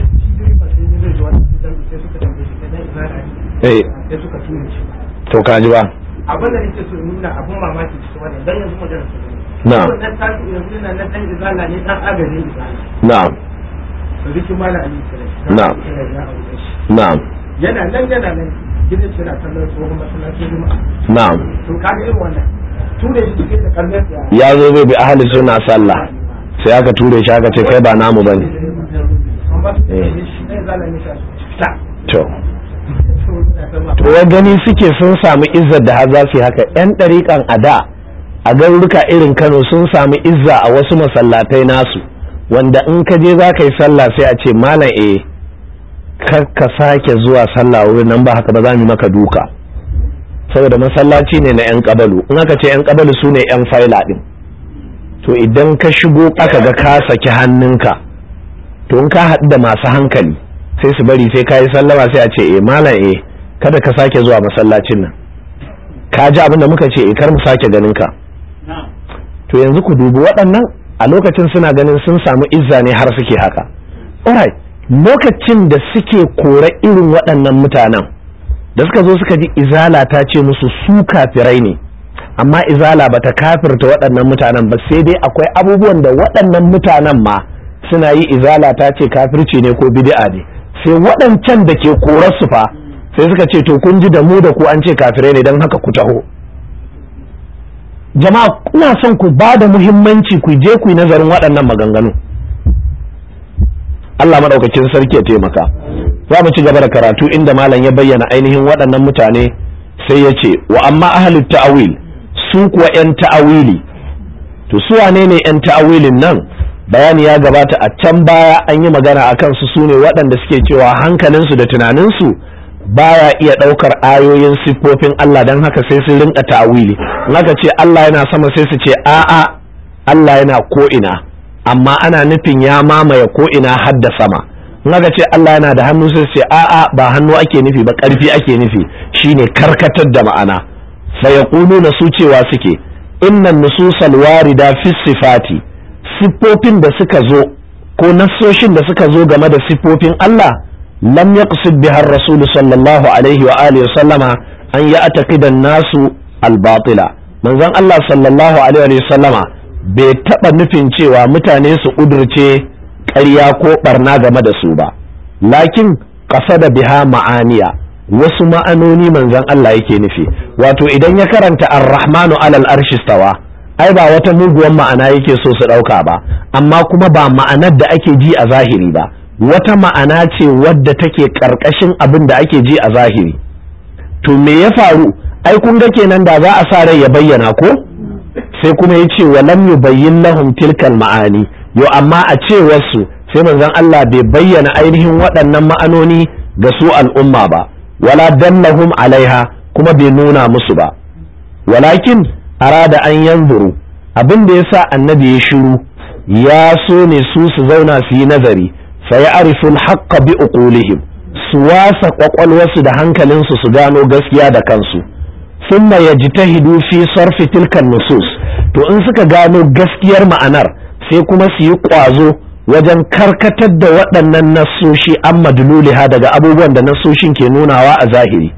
Speaker 1: eh to ka ba abin
Speaker 3: da nake na
Speaker 1: ya zo bai bi ahli sunna sallah sai aka ture shi aka ce kai ba namu bane eh. ne. to wa gani suke sun samu izzar da za su yi haka yan ɗariƙan a da a garuruka irin kano sun samu izza a wasu masallatai nasu wanda in ka je za ka yi sallah sai a ce malam e, kar ka sake zuwa sallah wurin nan ba haka ba za mu maka duka saboda masallaci ne na 'yan kabalu in aka ce 'yan ƙabalu su ne 'yan faila ɗin to idan ka shigo aka ga ka saki hannunka to in ka haɗu da masu hankali sai su bari sai kayi sallama sai a ce eh malam eh kada ka sake zuwa masallacin nan ka ji abin da muka ce eh kar mu sake ganin ka to yanzu ku dubi waɗannan a lokacin suna ganin sun samu izza ne har suke haka alright lokacin da suke kore irin waɗannan mutanen da suka zo suka ji izala ta ce musu su kafirai ne amma izala ba ta kafirta waɗannan mutanen ba sai dai akwai abubuwan da waɗannan mutanen ma suna yi izala ta ce kafirci ne ko bidi'a ne sai waɗancan da ke korar fa sai suka ce to kun ji da mu da ku an ce kafirai ne don haka ku taho jama'a kuna son ku ba da muhimmanci ku je ku yi nazarin waɗannan maganganu Allah maɗaukakin sarki ya taimaka za mu ci gaba da karatu inda malam ya bayyana ainihin waɗannan mutane sai ya ce wa amma ahalin ta'awil su kuwa 'yan ta'awili to su wane ne 'yan ta'awilin nan bayani ya gabata a can baya an yi magana a kansu su ne waɗanda suke cewa hankalinsu da tunaninsu baya iya ɗaukar ayoyin siffofin Allah don haka sai su rinka ta'awili in aka ce Allah yana sama sai su ce a'a Allah yana ko'ina amma ana nufin ya mamaye ko'ina har da sama in ce Allah yana da hannu sai su ce a'a ba hannu ake nufi ba ƙarfi ake nufi shine karkatar da ma'ana fa yaquluna su cewa suke innan nususal warida fi sifati siffofin da suka zo ko nasoshin da suka zo game da siffofin Allah lam yaqsid bihar ar-rasul sallallahu alaihi wa alihi sallama an yi an-nasu albatila. manzon Allah sallallahu alaihi wa sallama bai taɓa nufin cewa mutane su udurce ƙarya ko ɓarna game da su ba lakin da biha ma'aniya wasu ma'anoni manzon Allah yake nufi wato idan ya karanta ar-rahmanu alal arshi stawa ai ba wata muguwan ma'ana yake so su ɗauka ba amma kuma ba ma'anar da ake ji a zahiri ba wata ma'ana ce wadda take ƙarƙashin abin da ake ji a zahiri to me ya faru ai kun ga kenan da za a sa rai ya bayyana ko sai kuma ya ce wa lam yubayyin lahum tilkal ma'ani yo amma a cewarsu wasu sai manzon Allah bai bayyana ainihin waɗannan ma'anoni ga su al'umma ba wala dallahum alaiha kuma bai nuna musu ba walakin da an yanzuru abin da yasa annabi ya shiru ya so ne su su zauna su yi nazari fa ya'rifu al-haqqa bi uqulihim su wasa kwakwalwarsu da hankalinsu su su gano gaskiya da kansu thumma yajtahidu fi sarfi tilkan nusus to in suka gano gaskiyar ma'anar sai kuma su yi kwazo wajen karkatar da waɗannan nassoshi an madluliha daga abubuwan da nasoshin ke nunawa a zahiri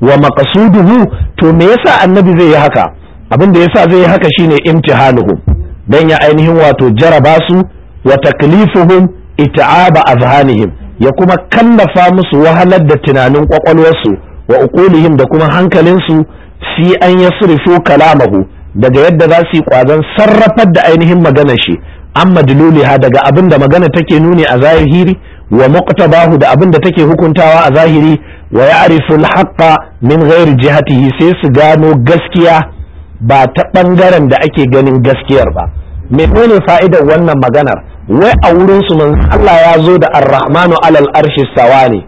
Speaker 1: wa maqasuduhu to me yasa annabi zai yi haka abin da yasa zai yi haka shine imtihanuhum dan ya ainihin wato jaraba su wa taklifuhum ita'aba azhanihim ya kuma kallafa musu wahalar da tunanin kwakwalwarsu wa uqulihim da kuma hankalinsu fi an yasrifu kalamahu daga yadda za su yi kwazon sarrafar da ainihin maganar shi an madluliha daga abin da magana take nuni a zahiri wa muqtabahu da abin da take hukuntawa a zahiri wa ya'rifu haqqa min ghairi jihatihi sai su gano gaskiya ba ta ɓangaren da ake ganin gaskiyar ba menene fa'idar wannan maganar wai a wurinsu man Allah ya zo da arrahmanu alal arshi sawa ne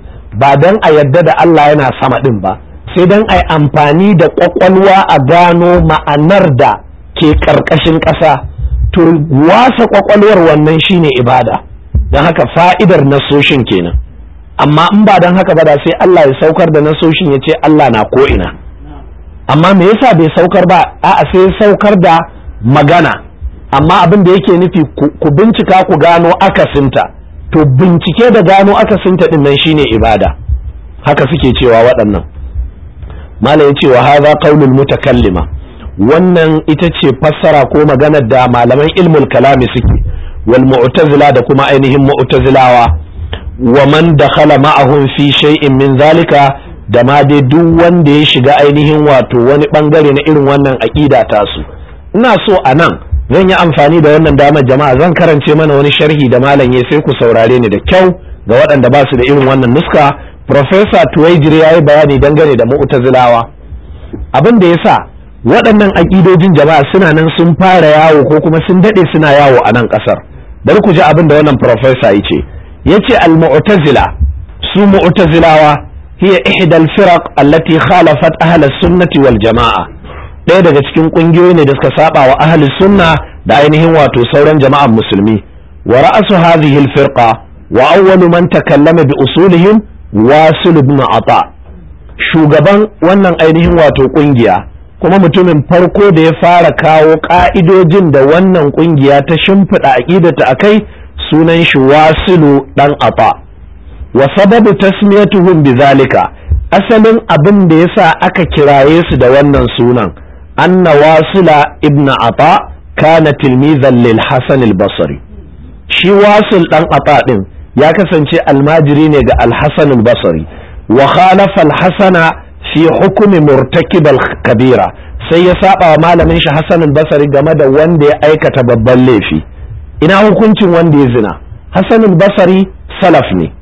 Speaker 1: ba dan a yadda da Allah yana sama ɗin ba sai dan a yi amfani da ƙwaƙwalwa a gano ma'anar da ke ƙarƙashin ƙasa to wasa ƙwaƙwalwar wannan shine ibada don haka fa'idar nasoshin kenan amma in ba don haka ba da sai Allah ya saukar da nasoshin ya ce Allah na ko'ina amma me yasa bai saukar ba a'a sai saukar da magana amma abin da yake nufi ku bincika ku gano akasinta to bincike da gano akasinta din nan shine ibada haka suke cewa waɗannan mala ya ce wa haza qaulul mutakallima wannan ita ce fassara ko maganar da malaman ilmul kalami suke wal mu'tazila da kuma ainihin mu'tazilawa wa man dakhala ma'ahum fi shay'in min zalika da ma dai duk wanda ya shiga ainihin wato wani bangare na irin wannan aƙida tasu ina so a nan zan yi amfani da wannan damar jama'a zan karance mana wani sharhi da malam ya sai ku saurare ni da kyau ga waɗanda ba su da irin wannan nuska professor tuwaijiri ya yi bayani dangane da mu'tazilawa abin da ya sa waɗannan aƙidojin jama'a suna nan sun fara yawo ko kuma sun daɗe suna yawo a nan ƙasar bari ku ji abin da wannan professor yace, yace ya al-mu'tazila su mu'tazilawa hiya ihdal firaq التي خالفت ahlus sunnati wal jama'a ɗaya daga cikin ƙungiyoyi ne da suka saba wa ahli sunna da ainihin wato sauran jama'an musulmi wa ra'asu hadhihi al firqa wa awwalu man takallama bi usulihim wasil ibn ata shugaban wannan ainihin wato ƙungiya, kuma mutumin farko da ya fara kawo ka'idojin da wannan ƙungiya ta shimfiɗa aqidata akai sunan shi wasilu d'An afa wa sababu tasmiyatuhum bizalika asalin abin da yasa aka kiraye su da wannan sunan anna wasila ibn ata kana tilmizan lil hasan al basri shi wasil dan ata din ya kasance almajiri ne ga al hasan al basri wa khalafa al hasana fi hukumi murtakib al kabira sai ya saba wa malamin shi hasan al basri game da wanda ya aikata babban laifi ina hukuncin wanda ya zina hasan al basri salaf ne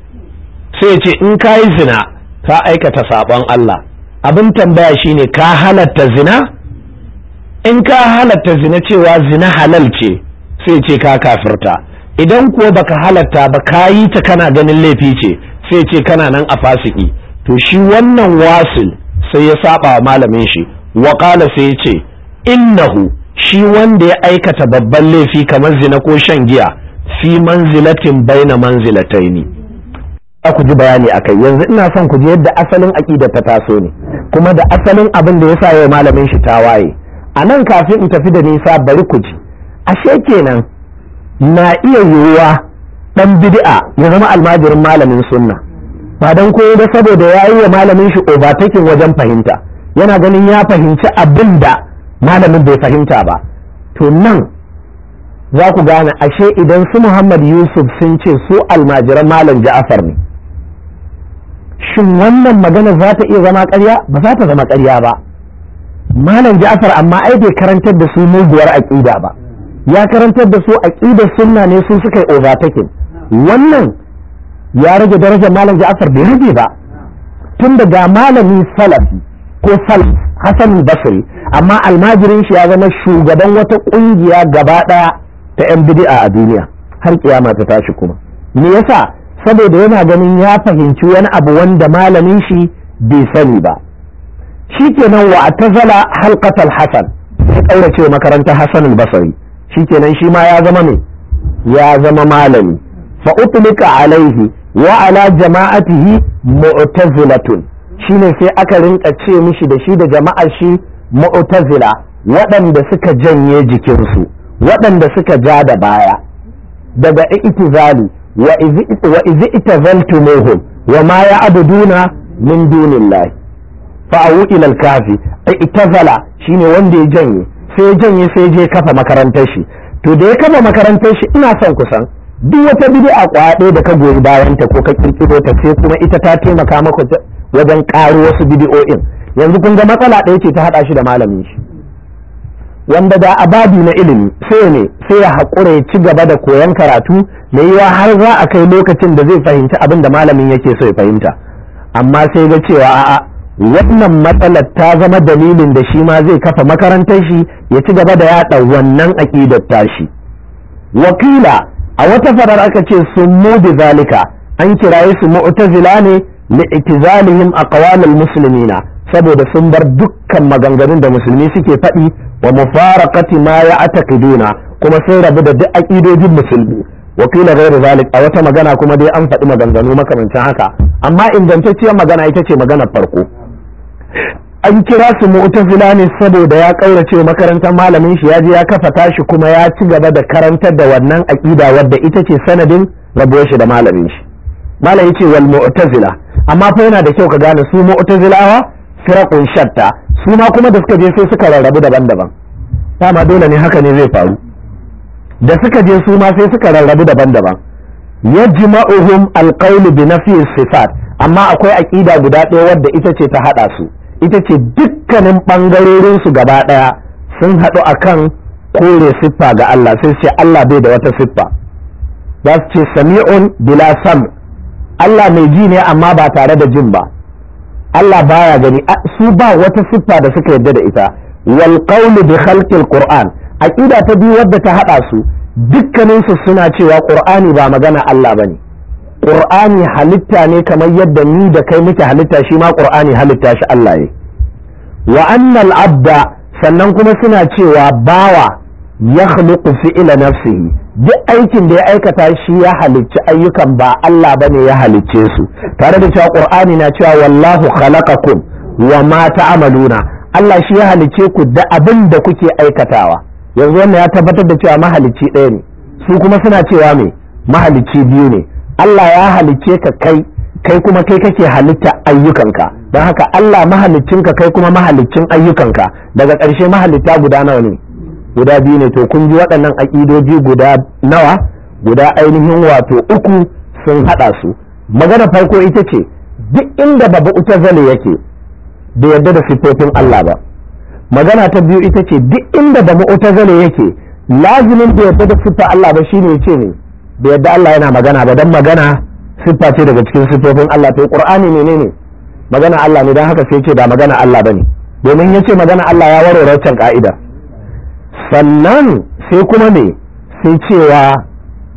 Speaker 1: sai ce in ka yi zina ka aikata saɓon Allah abin tambaya shine ka halatta zina in ka halatta zina cewa zina halal ce sai ce ka kafirta idan kuwa baka halatta ba ka yi ta kana ganin laifi ce sai ce kana nan a fasiki to shi wannan wasil sai ya saba wa malamin shi wa sai ce innahu shi wanda ya aikata babban laifi kamar zina ko shan giya fi manzilatin baina manzilataini a ku ji bayani a kai yanzu ina son ku ji yadda asalin aƙidar ta taso ne kuma da asalin abin da ya sa yau malamin shi ta waye. a nan kafin in tafi da nisa bari ku ji ashe kenan na iya yiwuwa ɗan bid'a ya zama almajirin malamin sunna ba don koyo ba saboda ya yi wa malamin shi obatakin wajen fahimta yana ganin ya fahimci abin da malamin bai fahimta ba to nan za ku gane ashe idan su muhammad yusuf sun ce su almajiran malam ja'afar ne shin wannan magana za ta iya zama ƙarya ba za ta zama karya ba malam ja'far amma ai bai karantar da su muguwar aƙida ba ya karantar da su aƙidar sunna ne su suka yi overtaking wannan ya rage darajar malam ja'far bai rage ba tun daga malami salafi ko salaf hasan basri amma almajirin shi ya zama shugaban wata ƙungiya gaba ɗaya ta yan bid'a a duniya har kiyama ta tashi kuma me yasa saboda yana ganin ya fahimci wani abu wanda malamin shi bai sani ba shikenan wa atazala halqatal hasan ya kaurace makarantar hasan al-basri shikenan shi ma ya zama ne ya zama malami fa utlika alaihi wa ala jama'atihi mu'tazilatun shine sai aka rinka ce mishi da shi da jama'ar shi mu'tazila waɗanda suka janye jikinsu waɗanda suka ja da baya daga itizali wa izi itazaltumuhum wa ma ya'buduna min dunillahi fa awu ila al-kafi itazala shine wanda ya janye sai janye sai je kafa makarantar shi to da ya kafa makarantar shi ina son kusan duk wata bid'a kwaɗe da ka goyi bayan ta ko ka kirkiro ta sai kuma ita ta taimaka maka wajen ƙaro wasu bid'o'in yanzu kun ga matsala ɗaya ce ta haɗa shi da malamin shi wanda da ababi na ilimi sai ne sai ya haƙura ya ci gaba da koyon karatu mai yiwa har za a kai lokacin da zai fahimci abin da malamin yake so ya fahimta amma sai ga cewa a'a wannan matsalar ta zama dalilin da shi ma zai kafa makarantar shi ya ci gaba da yaɗa wannan aƙidar tashi wakila a wata farar aka ce sun mudi zalika an kiraye su mu'tazila ne li'tizalihim aqwalul muslimina saboda sun bar dukkan maganganun da musulmi suke faɗi wa mufaraqati ma ya'taqiduna kuma sun rabu da duk aqidojin musulmi wa qila ghairu zalik a wata magana kuma dai an faɗi maganganu makamancin haka amma ingantacciyar magana ita ce maganar farko an kira su mu'tazila ne saboda ya kaurace makarantar malamin shi ya je ya kafa tashi kuma ya ci gaba da karantar da wannan aqida wadda ita ce sanadin rabuwar shi da malamin shi malam ce wal mu'tazila amma fa yana da kyau ka gane su mu'tazilawa firakon shatta su ma kuma da suka je sai suka rarrabu daban-daban dama dole ne haka ne zai faru da suka je su ma sai suka rarrabu daban-daban Yaji ma'uhum alqawlu bi nafi sifat amma akwai aƙida guda ɗaya wadda ita ce ta haɗa su ita ce dukkanin bangarorin su gaba ɗaya sun haɗu akan kore siffa ga Allah sai su ce Allah bai da wata siffa za su ce sami'un bila sam Allah mai ji ne amma ba tare da jin ba Allah baya gani su ba wata siffa da suka yadda da ita wal qawlu bi khalqil qur'an aqida ta biyu wadda ta hada su dukkanin su suna cewa qur'ani ba magana Allah bane qur'ani halitta ne kamar yadda ni da kai muke halitta shi ma qur'ani halitta shi Allah ne wa annal abda sannan kuma suna cewa bawa ya khluqu fi'la nafsihi duk aikin da ya aikata shi ya halicci ayyukan ba Allah ba ne ya halicce su tare da cewa ƙur'ani na cewa wallahu khalaqakum wa ma ta'maluna Allah shi ya halicce ku da abin da kuke aikatawa yanzu wannan ya tabbatar da cewa mahalicci ɗaya ne su kuma suna cewa me mahalicci biyu ne Allah ya halicce ka kai kai kuma kai kake halitta ayyukanka don haka Allah mahalicinka kai kuma mahalicin ayyukanka daga ƙarshe mahalitta guda nawa ne guda biyu ne to kun ji waɗannan aƙidoji guda nawa guda ainihin wato uku sun haɗa su magana farko ita ce duk inda babu ita zale yake bai yarda da siffofin Allah ba magana ta biyu ita ce duk inda da zale yake lazimin da yadda da siffa Allah ba shine ce ne da yadda Allah yana magana ba dan magana siffa ce daga cikin siffofin Allah to Qur'ani menene magana Allah ne dan haka sai ce da magana Allah bane domin yace magana Allah ya warware wancan ka'ida sannan sai kuma ne sai cewa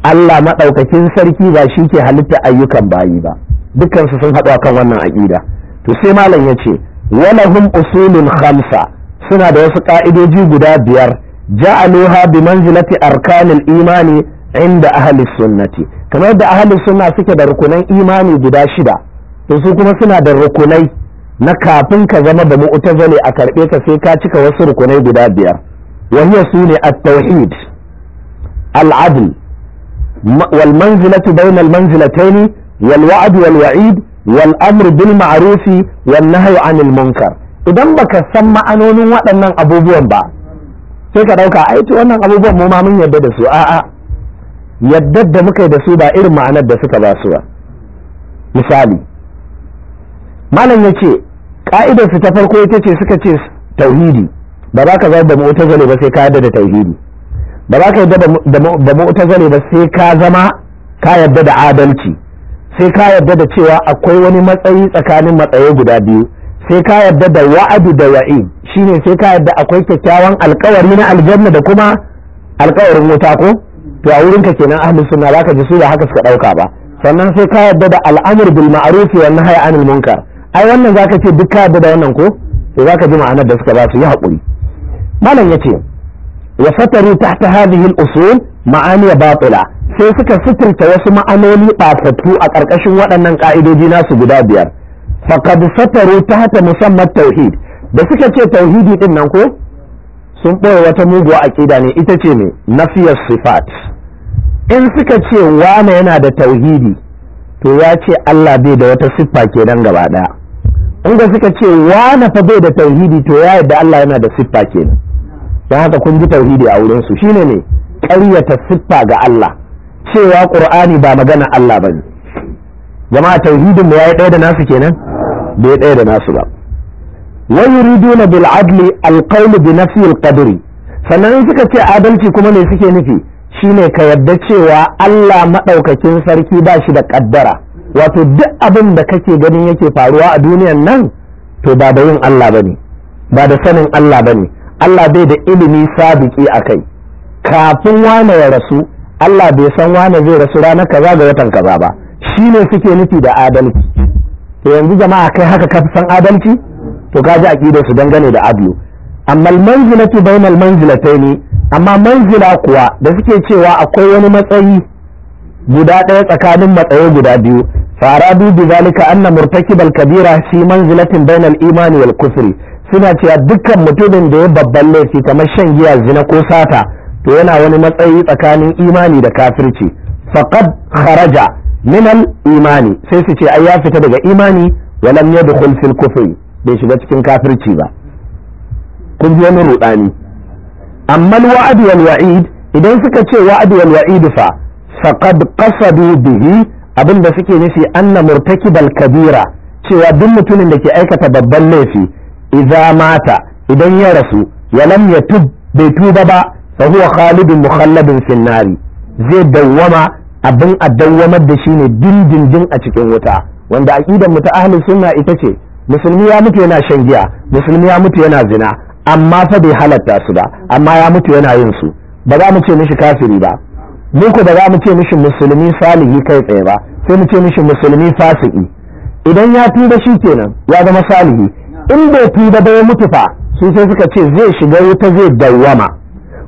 Speaker 1: Allah maɗaukakin sarki ba shi ke halitta ayyukan bayi ba dukansu sun haɗu kan wannan aƙida to sai malam ya ce walahum usulun khamsa suna da wasu ƙa'idoji guda biyar ja'aluha bi manzilati arkanil imani inda ahli sunnati kamar da ahli suna suke da rukunan imani guda shida to su kuma suna da rukunai na kafin ka zama da mu'tazali a karɓe ka sai ka cika wasu rukunai guda biyar وهي سوني التوحيد العدل والمنزلة بين المنزلتين والوعد والوعيد والأمر بالمعروف والنهي عن المنكر idan baka san ma'anonin waɗannan abubuwan ba sai ka ɗauka ai to wannan abubuwan mu ma mun yadda da su a'a yadda da muka da su ba irin ma'anar da suka ba su ba misali malam ya ce ƙa'idarsu ta farko ita ce suka ce tauhidi ba za ka zama da zale ba sai ka yadda da tauhidi ba za ka yadda da zale ba sai ka zama ka yadda da adalci sai ka yadda da cewa akwai wani matsayi tsakanin matsayi guda biyu sai ka yadda da wa'adu da wa'i shine sai ka yadda akwai kyakkyawan alkawari na aljanna da kuma alkawarin wuta ko to a wurin ka kenan ahlus sunna zaka ji su ba haka suka dauka ba sannan sai ka yarda da al'amur bil ma'ruf wa nahy anil munkar ai wannan zaka ce duk ka yadda da wannan ko sai zaka ji ma'anar da suka ba su yi haƙuri. malam yace ya fataru tahta hadhihi al-usul ma'ani batila sai suka suturta wasu ma'anoni batattu a ƙarƙashin waɗannan ƙa'idoji nasu guda biyar faqad fataru tahta musamman tauhid da suka ce tauhidi din nan ko sun ɓoye wata muguwa aƙida ne ita ce ne nafiyar sifat in suka ce wane yana da tauhidi to ya ce Allah bai da wata siffa kenan gaba ɗaya in da suka ce wane fa bai da tauhidi to ya yarda Allah yana da siffa kenan don haka kun ji tauhidi a wurin su shine ne ƙaryata siffa ga Allah cewa qur'ani ba magana Allah ne jama'a tauhidin mu yayi ɗaya da nasu kenan bai ɗaya da nasu ba wa yuriduna bil adli al qawl bi nafi al qadri sannan suka ce adalci kuma me suke nufi shine ka yadda cewa Allah maɗaukakin sarki ba shi da ƙaddara wato duk abin da kake ganin yake faruwa a duniyan nan to ba da yin Allah bane ba da sanin Allah bane Allah bai da ilimi sabiki a kai kafin wane ya rasu Allah bai san wane zai rasu ranar kaza ga watan kaza ba shi ne suke nufi da adalci to yanzu jama'a kai haka ka san adalci to kaji aqidar su dangane da adlu amma manzilatu bainal manzilataini amma manzila kuwa da suke cewa akwai wani matsayi guda ɗaya tsakanin matsayi guda biyu Fara bi zalika anna murtakibal kabira shi manzilatin bainal imani wal kufri suna cewa dukkan mutumin da ya babban laifi kamar shan giya zina ko sata to yana wani matsayi tsakanin imani da kafirci faqad kharaja minal imani sai su ce ai ya fita daga imani walam yadkhul fil kufri bai shiga cikin kafirci ba kun ji wani rudani amma wa'd wal wa'id idan suka ce wa'd wal wa'id fa faqad qasadu bihi abinda suke nufi anna murtakibal kabira cewa duk mutumin da ke aikata babban laifi idza mata idan ya rasu ya lam tub bai tuba ba fa huwa khalidun mukhalladun fin zai dawwama abin a dawwamar da shi ne dindindin a cikin wuta wanda aqidar mu ta ahlus sunna ita ce musulmi ya mutu yana shan giya musulmi ya mutu yana zina amma fa bai halatta su ba amma ya mutu yana yin su ba za mu ce mishi kafiri ba mu ko ba za mu ce mishi musulmi salihi kai tsaye ba sai mu ce mishi musulmi fasiki idan ya tuba shi kenan ya zama salihi in bai fi ba bai mutu fa su sai suka ce zai shiga wuta zai dawwama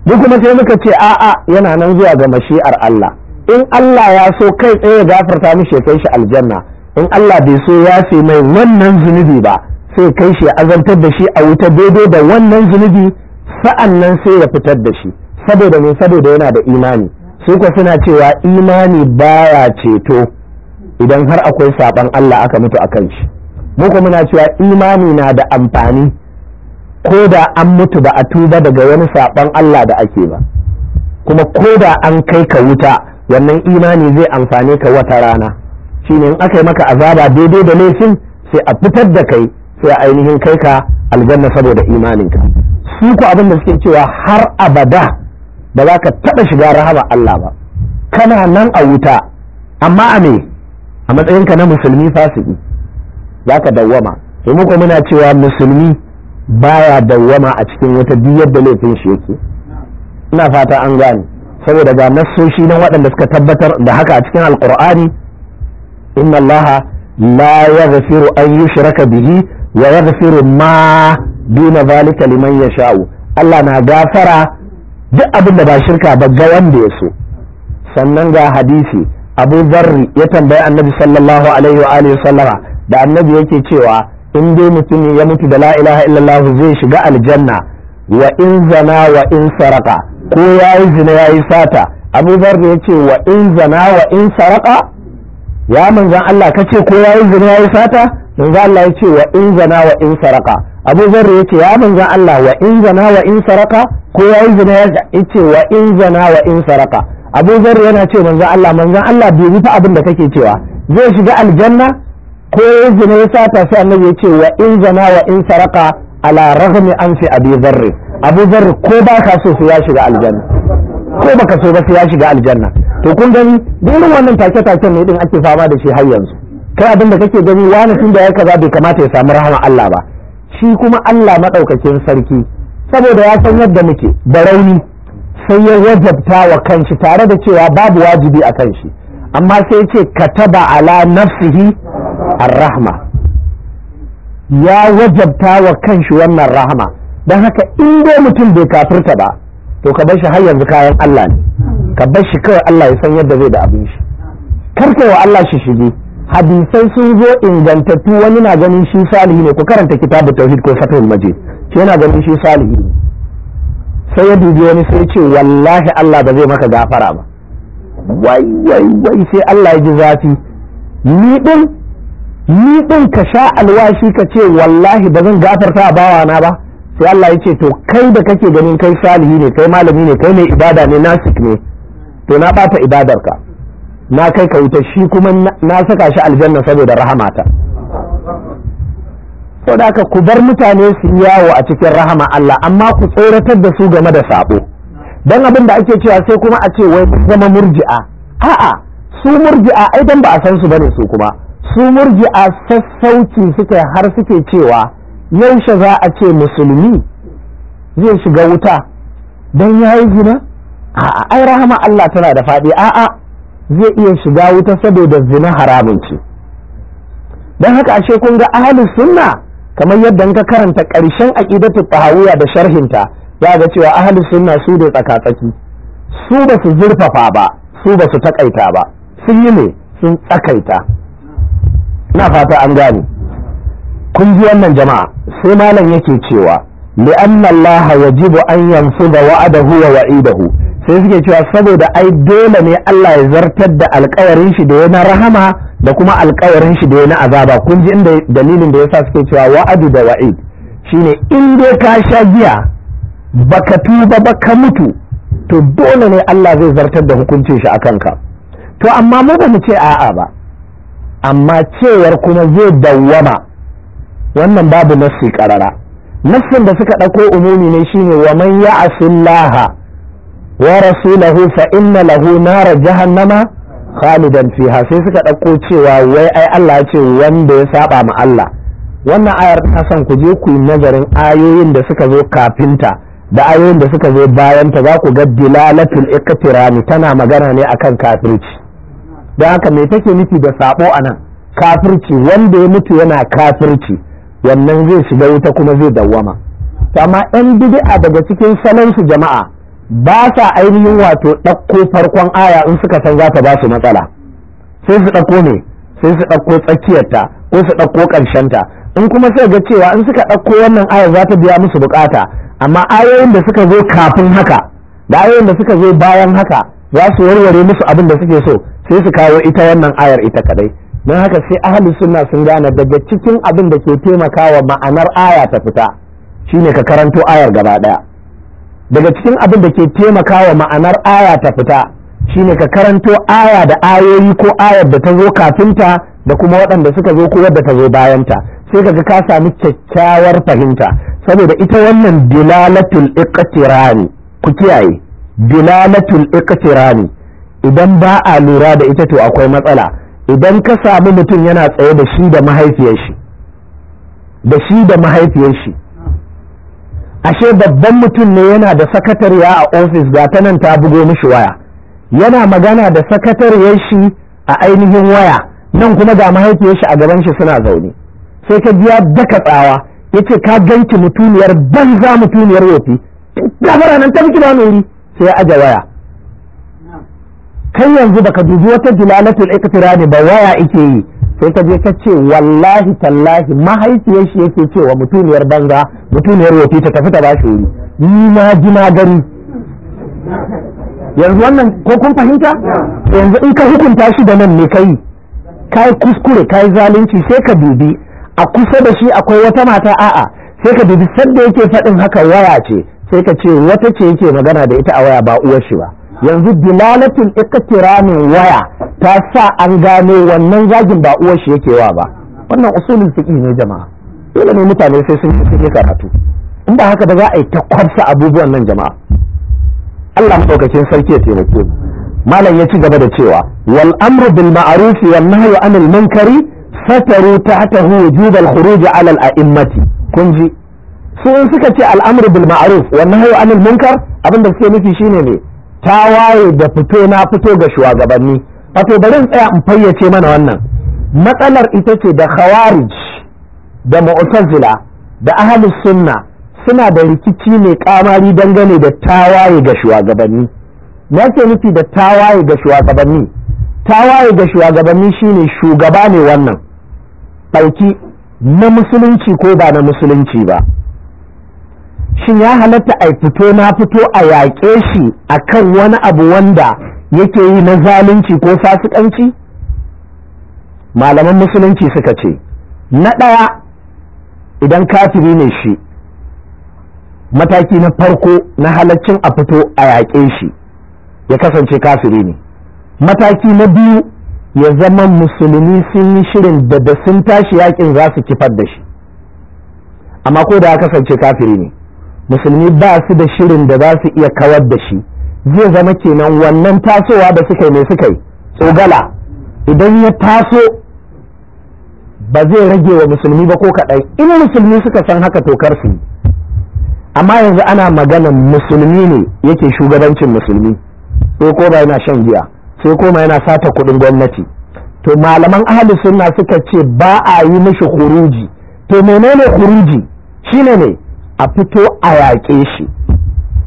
Speaker 1: mu kuma sai muka ce a'a yana nan zuwa ga mashi'ar Allah in Allah ya so kai tsaye ya gafarta mishi ya kai shi aljanna in Allah bai so ya ce mai wannan zunubi ba sai kai shi ya azantar da shi a wuta daidai da wannan zunubi sa'an nan sai ya fitar da shi saboda me saboda yana da imani su ko suna cewa imani baya ceto idan har akwai saban Allah aka mutu akan shi muku muna cewa imani na da amfani ko da an mutu ba a tuba daga wani saɓon Allah da ake ba kuma ko da an kai ka wuta wannan imani zai amfane ka wata rana shine in aka yi maka azaba daidai da laifin sai a fitar da kai sai a ainihin kai ka aljanna saboda imaninka su ku abin da suke cewa har abada ba za ka taɓa shiga rahama Allah ba kana nan a wuta amma a me a matsayinka na musulmi fasiki za ka dawwama domin kuma muna cewa musulmi baya dawwama a cikin wata biyar da laifin shi yake ina fata an gane saboda ga nassoshi nan waɗanda suka tabbatar da haka a cikin alkur'ani inna allaha la yaghfiru an yushraka bihi wa yaghfiru ma duna zalika liman yasha'u Allah na gafara duk abin da ba shirka ba ga wanda ya so sannan ga hadisi Abu Zarri ya tambayi Annabi sallallahu alaihi wa alihi sallama da annabi yake cewa in dai mutum ya mutu da la ilaha illallah zai shiga aljanna wa in zana wa in saraka ko ya yi zina ya yi sata abu da ya ce wa in zana wa in saraka ya manzan Allah ka ce ko ya yi zina ya yi sata manzan Allah ya ce wa in zana wa in saraka abu zarra ya ce ya manzan Allah wa in zana wa in saraka ko ya yi zina ya ce wa in zana wa in saraka abu da yana ce manzan Allah manzan Allah bai yi fa abin da kake cewa zai shiga aljanna ko zina ya sata sai annabi ya ce wa in zana wa in saraka ala raghmi fi abi zarri. abu zarri ko ba ka so sai ya shiga aljanna ko ba ka so ba sai ya shiga aljanna to kun gani da irin wannan take taken ne din ake fama da shi har yanzu kai abin da kake gani wani tun da ya kaza bai kamata ya samu rahama Allah ba shi kuma Allah madaukakin sarki saboda ya san yadda muke da rauni sai ya wajabta wa kanshi tare da cewa babu wajibi a kanshi amma sai ce kataba ala nafsihi ar-rahma ya wajabta wa kanshi wannan rahama don haka in dai mutum bai kafirta ba to ka bar shi har yanzu kayan Allah ne ka bar shi kawai Allah ya san yadda zai da abin shi karka wa Allah shi shige hadisai sun zo ingantattu wani na ganin shi salihi ne ku karanta kitabu tauhid ko fatul majid shi yana ganin shi salihi ne sai ya dubi wani sai ce wallahi Allah ba zai maka gafara ba wai wai wai sai Allah ya ji zafi ni din ni din ka sha alwashi ka ce wallahi ba zan gafarta a bawana ba sai Allah ya ce to kai da kake ganin kai salihi ne kai malami ne kai mai ibada ne nasik ne to na bata ibadarka na kai ka wuta shi kuma na saka shi aljanna saboda rahamata saboda ka ku bar mutane su yawo a cikin rahama Allah amma ku tsoratar da su game da sabo Don abin da ake cewa sai kuma a ce wai zama murji'a a'a su murji'a ai dan ba a san su bane su kuma su murji'a sassauci suke har suke cewa yaushe za a ce musulmi zai shiga wuta dan yayi zina a'a ai rahama Allah tana da faɗi a'a zai iya shiga wuta saboda zina haramun ce dan haka ashe kun ga ahlus sunna kamar yadda ka karanta ƙarshen aqidatu tahawiyya da sharhinta za ga cewa ahlus sunna su da tsakatsaki su ba su zurfafa ba su ba su takaita ba sun yi ne sun tsakaita na fata an gane kun ji wannan jama'a sai malam yake cewa li'anna Allah yajibu an da wa'adahu wa wa'idahu sai suke cewa saboda ai dole ne Allah ya zartar da alƙawarin shi da yana rahama da kuma alƙawarin shi da yana azaba kun ji inda dalilin da yasa suke cewa wa'adu da wa'id shine in dai ka sha giya baka tuba ba ka mutu to dole ne Allah zai zartar da hukuncin shi akan ka to amma mu ba mu ce a'a ba amma cewar kuma zai dawwama wannan babu nassi karara nassin da suka dauko umumi ne shine wa man ya'asillaha wa rasulahu fa inna lahu nar jahannama khalidan fiha sai suka dauko cewa wai ai Allah ya ce wanda ya saba ma Allah wannan ayar ta san ku je ku yi nazarin ayoyin da suka zo kafinta da ayoyin da suka zo bayan ta za ku ga dilalatul iqtirani tana magana ne akan kafirci don haka me take nufi da sabo anan kafirci wanda ya mutu yana kafirci wannan zai shiga wuta kuma zai dawwama amma yan bid'a daga cikin salansu jama'a ba sa ainihin wato ɗauko farkon aya in suka san za ta ba su matsala sai su ɗauko ne sai su ɗauko tsakiyarta ko su ɗauko ƙarshenta in kuma sai ga cewa in suka ɗauko wannan aya za ta biya musu bukata amma ayoyin da suka zo kafin haka da ayoyin da suka zo bayan haka za su warware musu abin da suke so sai su kawo ita wannan ayar ita kadai don haka sai ahli suna sun gane daga cikin abin da ke taimakawa ma'anar aya ta fita shine ka karanto ayar gaba daya daga cikin abin da ke taimakawa ma'anar aya ta fita shine ka karanto aya da ayoyi ko ayar da ta zo kafinta da kuma waɗanda suka zo ko wadda ta zo bayanta sai kaga ka sami kyakkyawar fahimta saboda ita wannan dilalatul iqtirani ku kiyaye dilalatul iqtirani idan ba a lura da ita to akwai matsala idan ka samu mutum yana tsaye da shi da mahaifiyar shi da shi da mahaifiyar shi ashe babban mutum ne yana da sakatariya a ofis ga ta nan ta bugo mishi waya yana magana da sakatariyar shi a ainihin waya nan kuma ga mahaifiyar shi a gaban shi suna zaune sai ka biya daka tsawa yace ka ganki mutuniyar banza mutuniyar wofi gafara nan ta miki ba nuri sai ya aje waya kai yanzu baka dubi wata jilalatul iktirani ba waya ike yi sai ka je ka ce wallahi tallahi mahaifiyar shi yake cewa mutuniyar banza mutuniyar wofi ta tafi ta ba shi wuri ni ma ji ma gari yanzu wannan ko kun fahimta yanzu in ka hukunta shi da nan ne kai kai kuskure kai zalunci sai ka dubi a kusa da shi akwai wata mata a'a sai ka dubi sadda yake faɗin haka waya ce sai ka ce wata ce yake magana da ita a waya ba uwar shi ba yanzu dilalatin ikhtiramin waya ta sa an gano wannan zagin ba uwar shi yake wa ba wannan usulin fiqh ne jama'a dole ne mutane sai sun yi karatu in ba haka ba za a yi ta abubuwan nan jama'a Allah maɗaukakin sarki ya taimake mu malam ya ci gaba da cewa wal amru bil ma'ruf wan nahyu anil munkari fataru tahtahu wujub al-khuruj ala al-a'immati kun ji su in suka ce al'amru bil ma'ruf wa nahyu anil munkar abinda suke nufi shine ne tawaye da fito na fito ga shugabanni wato bari in tsaya in fayyace mana wannan matsalar ita ce da khawarij da mu'tazila da ahlus sunna suna da rikici mai kamari dangane da tawaye ga shugabanni na ke nufi da tawaye ga shugabanni tawaye ga shugabanni shine shugaba ne wannan ɗauki na musulunci ko ba na musulunci ba shin ya halatta a fito na fito a yaƙe shi a kan wani abu wanda yake yi na zalunci ko fasikanci malaman musulunci suka ce na ɗaya idan kafiri ne shi mataki na farko na halaccin a fito a yaƙe shi ya kasance kafiri ne mataki na biyu ya zama musulmi sun yi shirin da da sun tashi yakin za su kifar da shi amma ko da ya kasance kafiri ne musulmi ba su da shirin da za su iya kawar da shi zai zama kenan wannan tasowa da suka yi mai suka yi tsogala idan ya taso ba zai rage wa musulmi ba ko kaɗai in musulmi suka san haka tokar su amma yanzu ana maganan musulmi ne yake shugabancin musulmi ko ba yana shan giya sai koma yana sata kuɗin gwamnati to malaman ahli sunna suka ce ba a yi mishi huruji to menene huruji shine ne a fito a yaƙe shi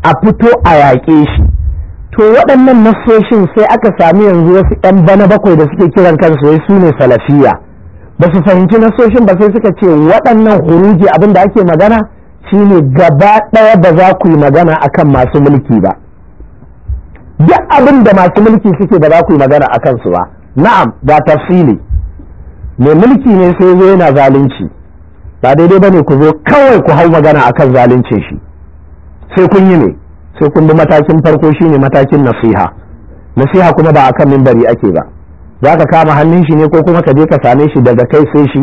Speaker 1: a fito a yaƙe shi to waɗannan nassoshin sai aka sami yanzu wasu ɗan bana bakwai da suke kiran kansu wai su ne salafiya ba su fahimci nassoshin ba sai suka ce waɗannan huruji abin da ake magana shine gaba ɗaya ba za ku yi magana akan masu mulki ba duk abin da masu mulki suke ba za ku yi magana a kansu ba na'am ba tafsili mai mulki ne sai zo yana zalunci ba daidai ba ne ku zo kawai ku hau magana akan zaluncin shi sai kun yi ne sai kun bi matakin farko shine matakin nasiha nasiha kuma ba a kan mimbari ake ba za ka kama hannun shi ne ko kuma ka je ka same shi daga kai sai shi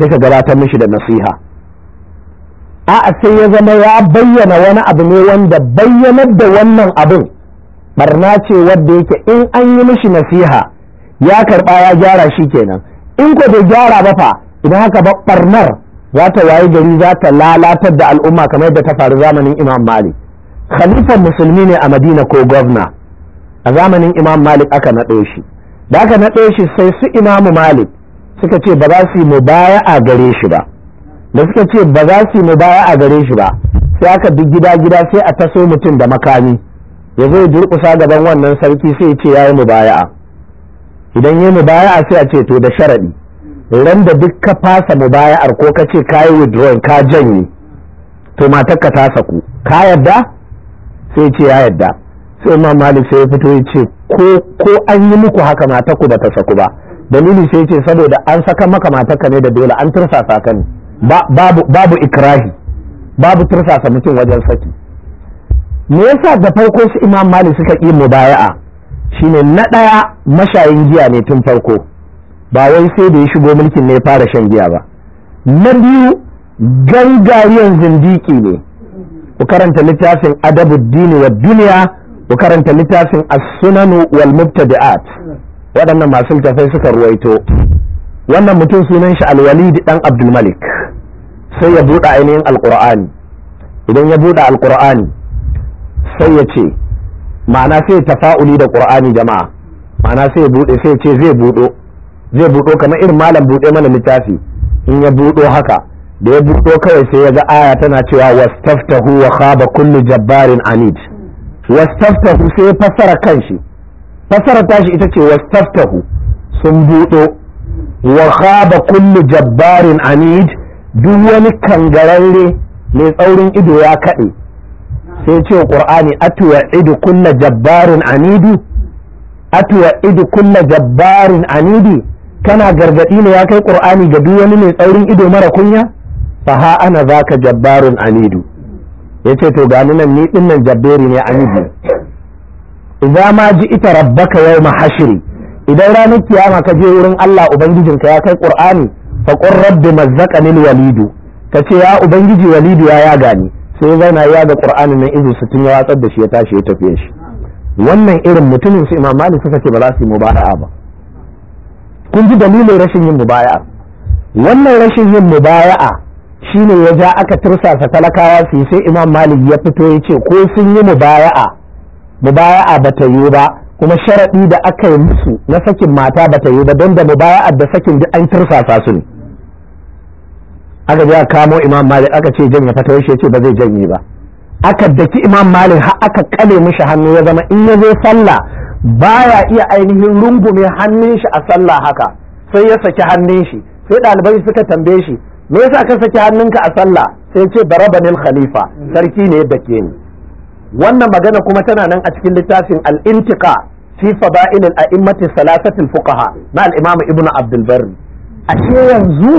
Speaker 1: sai ka gabatar mishi da nasiha a'a sai ya zama ya bayyana wani abu ne wanda bayyanar da wannan abin barna ce wadda yake in an yi mishi nasiha ya karɓa ya gyara shi kenan in ko bai gyara ba fa idan haka ba barnar za ta wayi gari za ta lalatar da al'umma kamar yadda ta faru zamanin imam malik khalifan musulmi ne a madina ko gwamna a zamanin imam malik aka naɗo shi da aka naɗo shi sai su imamu malik suka ce ba za su yi baya a gare shi ba da suka ce ba za su yi mubaya a gare shi ba sai aka bi gida gida sai a taso mutum da makami ya zo durƙusa gaban wannan sarki sai ce ya yi mubaya'a idan ya mubaya'a sai a ce to da sharaɗi ran da duk ka fasa mubaya'ar ko ka ce ka yi withdrawal ka janye to matakka ta saku ka yadda sai ce ya yadda sai imam malik sai ya fito ya ce ko an yi muku haka matakku ba ta saku ba dalili sai ce saboda an saka maka matakka ne da dole an tursasa ka ne babu ikrahi babu tursasa mutum wajen saki me yasa da farko su imam malik suka ƙi mubaya'a shine na ɗaya mashayin giya ne tun farko ba wai sai da ya shigo mulkin ne fara shan giya ba na biyu gangariyan zindiki ne ku karanta littafin adabu dini wa duniya ku karanta littafin as-sunanu wal mubtadi'at waɗannan masu littafai suka ruwaito wannan mutum sunan shi al-walid dan abdul malik sai ya buɗe ainihin al al-qur'ani idan ya buɗe al-qur'ani sai ya ce ma'ana sai tafa'uli da qur'ani jama'a ma'ana sai ya bude sai ce zai budo zai budo kamar irin malam buɗe mana littafi in ya buɗo haka da ya budo kawai sai ya ga aya tana cewa wastaftahu wa khaba kullu jabbarin anid wastaftahu sai ya fassara kanshi fassara tashi ita ce wastaftahu sun buɗo wa khaba kullu jabbarin anid duk wani kangararre mai tsaurin ido ya kaɗe sai ce qur'ani atuwa idu kulla jabbarin anidi atuwa idu kulla jabbarin anidi kana gargadi ne ya kai ƙur'ani ga duk wani mai tsaurin ido mara kunya fa ha ana zaka jabbarin anidu yace to ga nan ni nan jabberi ne anidi idza ma ji ita rabbaka yawma hashri idan ranar kiyama ka je wurin Allah ubangijinka ya kai ƙur'ani? fa qur rabbi mazzaqani walidu kace ya ubangiji walidu ya ya gani sai zauna ya ga qur'ani nan izu tun ya watsar da shi ya tashi ya tafiye shi wannan irin mutumin su imam malik suka ce ba za su yi mubaya'a ba kun ji dalilin rashin yin mubaya'a wannan rashin yin mubaya'a shine ya ja aka tursasa talakawa su sai imam malik ya fito ya ce ko sun yi mubaya'a mubaya'a ba ta yi ba kuma sharaɗi da aka yi musu na sakin mata ba ta yi ba don da mubaya'a da sakin duk an tursasa su ne aka ji kamo imam malik aka ce janye fatawar shi ce ba zai janye ba aka daki imam malik har aka kale mishi hannu ya zama in ya zo sallah baya iya ainihin rungume hannun shi a sallah haka sai ya saki hannun shi sai ɗalibai suka tambaye shi me yasa ka saki hannunka a sallah sai ce barabanil khalifa sarki ne ya dake ni wannan magana kuma tana nan a cikin littafin al-intiqa fi fada'il al-a'immati salasatil fuqaha na al-imam ibnu abdul barri ashe yanzu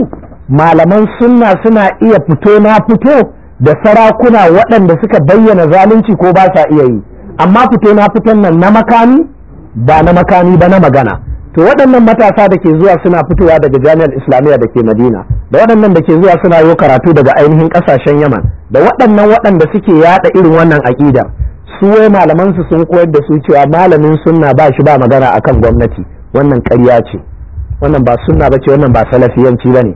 Speaker 1: malaman sunna suna iya fito na fito da sarakuna waɗanda suka bayyana zalunci ko ba sa iya yi amma fito na fito nan na makami ba na makami ba na magana to waɗannan matasa da ke zuwa suna fitowa daga jami'ar islamiyya da ke madina da waɗannan da ke zuwa suna yi karatu daga ainihin ƙasashen yaman da waɗannan waɗanda suke yaɗa irin wannan aƙidar su wai malaman sun koyar da su cewa malamin sunna ba shi ba magana akan gwamnati wannan ƙarya ce wannan ba sunna ba ce wannan ba salafiyanci ba ne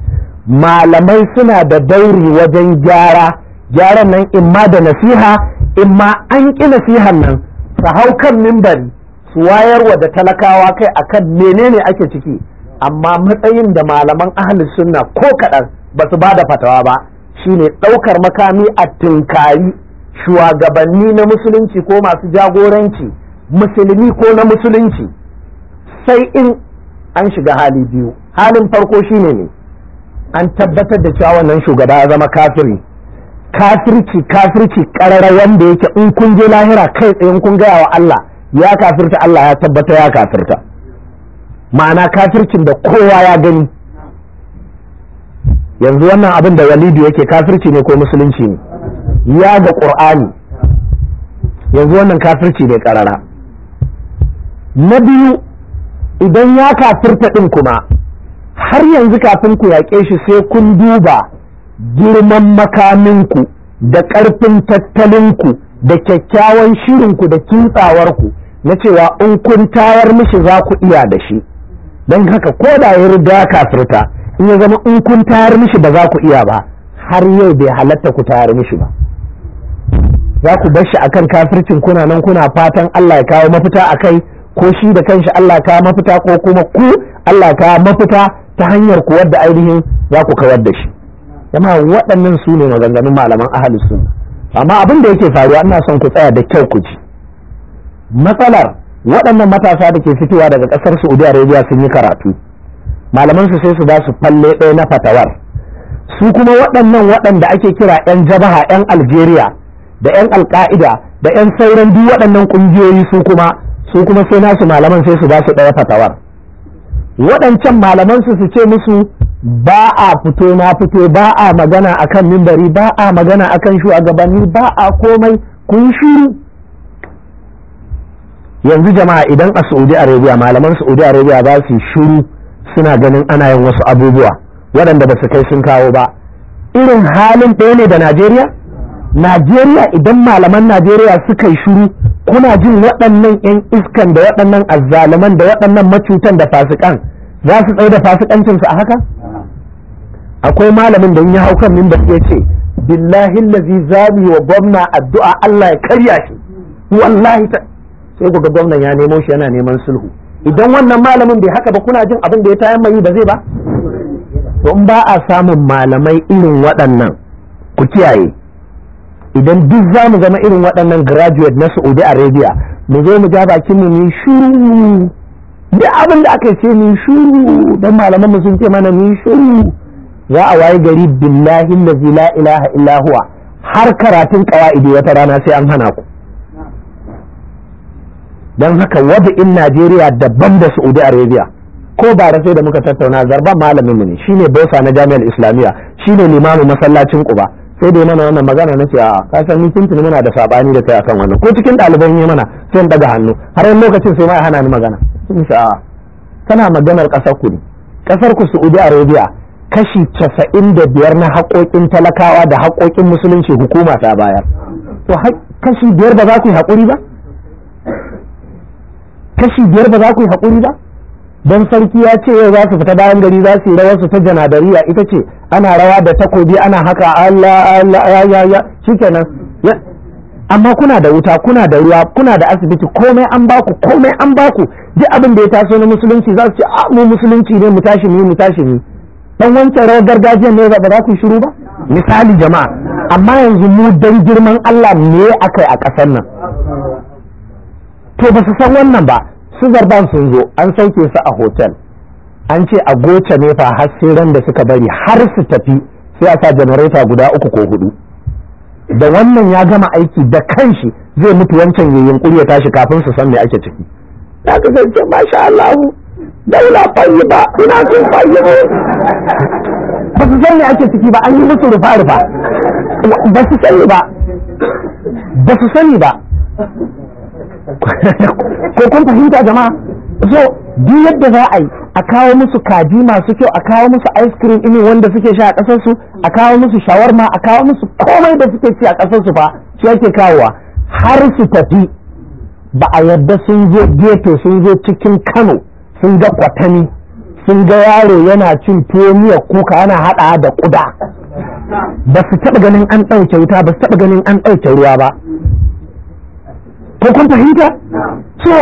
Speaker 1: malamai suna da dauri wajen gyara gyaran nan imma da nasiha imma an ƙi nasihan nan su hau kan mimbari su wa da talakawa kai akan menene ake ciki amma matsayin da malaman ahli sunna ko kaɗan ba su ba fatawa ba shine ɗaukar makami a tinkari shugabanni na musulunci ko masu jagoranci musulmi ko na musulunci sai in an shiga hali biyu halin farko shine ne an tabbatar da cewa wannan shugaba ya zama kafiri kafirci kafirci karara wanda yake in kun je lahira kai tsaye kun gaya wa Allah ya kafirta Allah ya tabbata ya kafirta ma'ana kafircin da kowa ya gani yanzu wannan abin da walidu yake kafirci ne ko musulunci ne ya ga qur'ani yanzu wannan kafirci ne karara na biyu idan ya kafirta din kuma har yanzu kafin ku yaƙe shi sai kun duba girman makaminku da ƙarfin tattalinku da kyakkyawan shirinku da kintsawarku na cewa in kun tayar mishi za ku iya da shi don haka ko da ya riga kafirta in ya zama in kun tayar mishi ba za ku iya ba har yau bai halatta ku tayar mishi ba za ku bar shi akan kafircin kuna nan kuna fatan Allah ya kawo mafita a kai ko shi da kanshi Allah ya kawo mafita ko kuma ku Allah ya kawo mafita ta hanyar ku wadda ainihin za ku kawar da shi jama'a waɗannan su ne maganganun malaman ahli sunna amma abin da yake faruwa ina son ku tsaya da kyau ku ji matsalar waɗannan matasa da ke fitowa daga ƙasar Saudi Arabia sun yi karatu malaman su sai su ba su falle ɗaya na fatawar su kuma waɗannan waɗanda ake kira 'yan jabaha 'yan Algeria da 'yan Alƙa'ida, da 'yan sauran duk waɗannan ƙungiyoyi su kuma su kuma sai nasu malaman sai su ba su ɗaya fatawar waɗancan malaman su su ce musu ba a fito na fito ba a magana akan mimbari ba a magana akan shugabanni ba a komai kun shiru yanzu jama'a idan a saudi arabia malaman saudi arabia ba su shiru suna ganin ana yin wasu abubuwa waɗanda ba su kai sun kawo ba irin halin ɗaya ne da najeriya najeriya idan malaman najeriya suka yi shuru? kuna jin waɗannan 'yan iskan da waɗannan azzaliman da waɗannan macutan da fasikan za su tsaye da fasikancinsu a haka akwai malamin da ya haukan min da ya ce billahi lazi zabi wa gwamna addu'a Allah ya karya shi wallahi ta sai ku ga gwamnan ya nemo shi yana neman sulhu idan wannan malamin bai haka ba kuna jin abin da ya tayan mai ba zai ba to ba a samun malamai irin waɗannan ku kiyaye idan duk za mu zama irin waɗannan graduate na saudi arabia mu zo mu ja bakin mu shuru duk abin da aka ce ni shuru dan malaman mu sun ce mana mu shuru za a waye gari billahi allazi la ilaha illa huwa har karatun qawaidi wata rana sai an hana ku dan haka in Najeriya daban da Saudi Arabia ko ba sai da muka tattauna zarban malamin mu ne shine bosa na Jami'ar Islamiyya shine Limamu masallacin Quba sai dai mana wannan magana na ce a ka san ni tuntuni muna da sabani da kai akan wannan ko cikin ɗaliban yi mana sai in daga hannu har wani lokacin sai ma hana ni magana in maganar ƙasar ku ne ƙasar ku Saudi Arabia kashi casa'in da biyar na haƙoƙin talakawa da haƙoƙin musulunci hukuma ta bayar to kashi biyar ba za ku yi haƙuri ba kashi biyar ba za ku yi haƙuri ba Don sarki ya ce yau za su fita bayan gari za su yi rawar su ta janadariya ita ce ana rawa da takobi ana haka Allah Allah ya ya ya amma kuna da wuta kuna da ruwa kuna da asibiti komai an baku komai an baku duk abin da ya taso na musulunci za su ce a ah, mu musulunci ne mu tashi mu mu tashi mu dan wancan rawar gargajiya ne ba za ku shiru ba misali jama'a amma yanzu mu dan girman Allah ne akai a kasar nan to ba su san wannan ba su zarban sun zo an sauke su a hotel an ce a goce ne fa har sai ran da suka bari har su tafi sai a sa janareta guda uku ko hudu da wannan ya gama aiki da kanshi zai mutu wancan yayin yunkuri ya tashi kafin su san me ake ciki na kasance masha Allah daula fayi ba ina jin fayi ba ba su san me ake ciki ba an yi musu rufa rufa ba su sani ba ba su sani ba ko kun fahimta jama'a so duk yadda za a yi a kawo musu kaji masu kyau a kawo musu ice cream ini wanda suke sha a kasar su a kawo musu shawarma a kawo musu komai da suke ci a kasar su fa shi yake kawowa har su tafi ba a yadda sun je geto sun je cikin Kano sun ga kwatani sun ga yaro yana cin tuwo miya kuka yana haɗa da kuda ba su taɓa ganin an ɗauke wuta ba su taɓa ganin an ɗauke ruwa ba ko kun fahimta so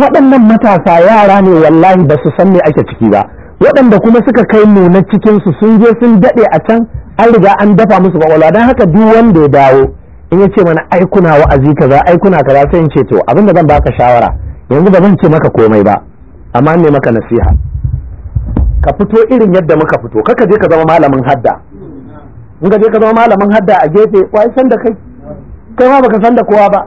Speaker 1: waɗannan matasa yara ne wallahi ba su san me ake ciki ba waɗanda kuma suka kai nuna cikinsu sun je sun daɗe a can an riga an dafa musu kwakwalwa don haka duk wanda ya dawo in ya ce mana ai kuna wa'azi kaza ai kuna kaza sai in ce to abin da zan baka shawara yanzu ba zan ce maka komai ba amma ne maka nasiha ka fito irin yadda muka fito kaka je ka zama malamin hadda in ka je ka zama malamin hadda a gefe wai san da kai kai ma baka san da kowa ba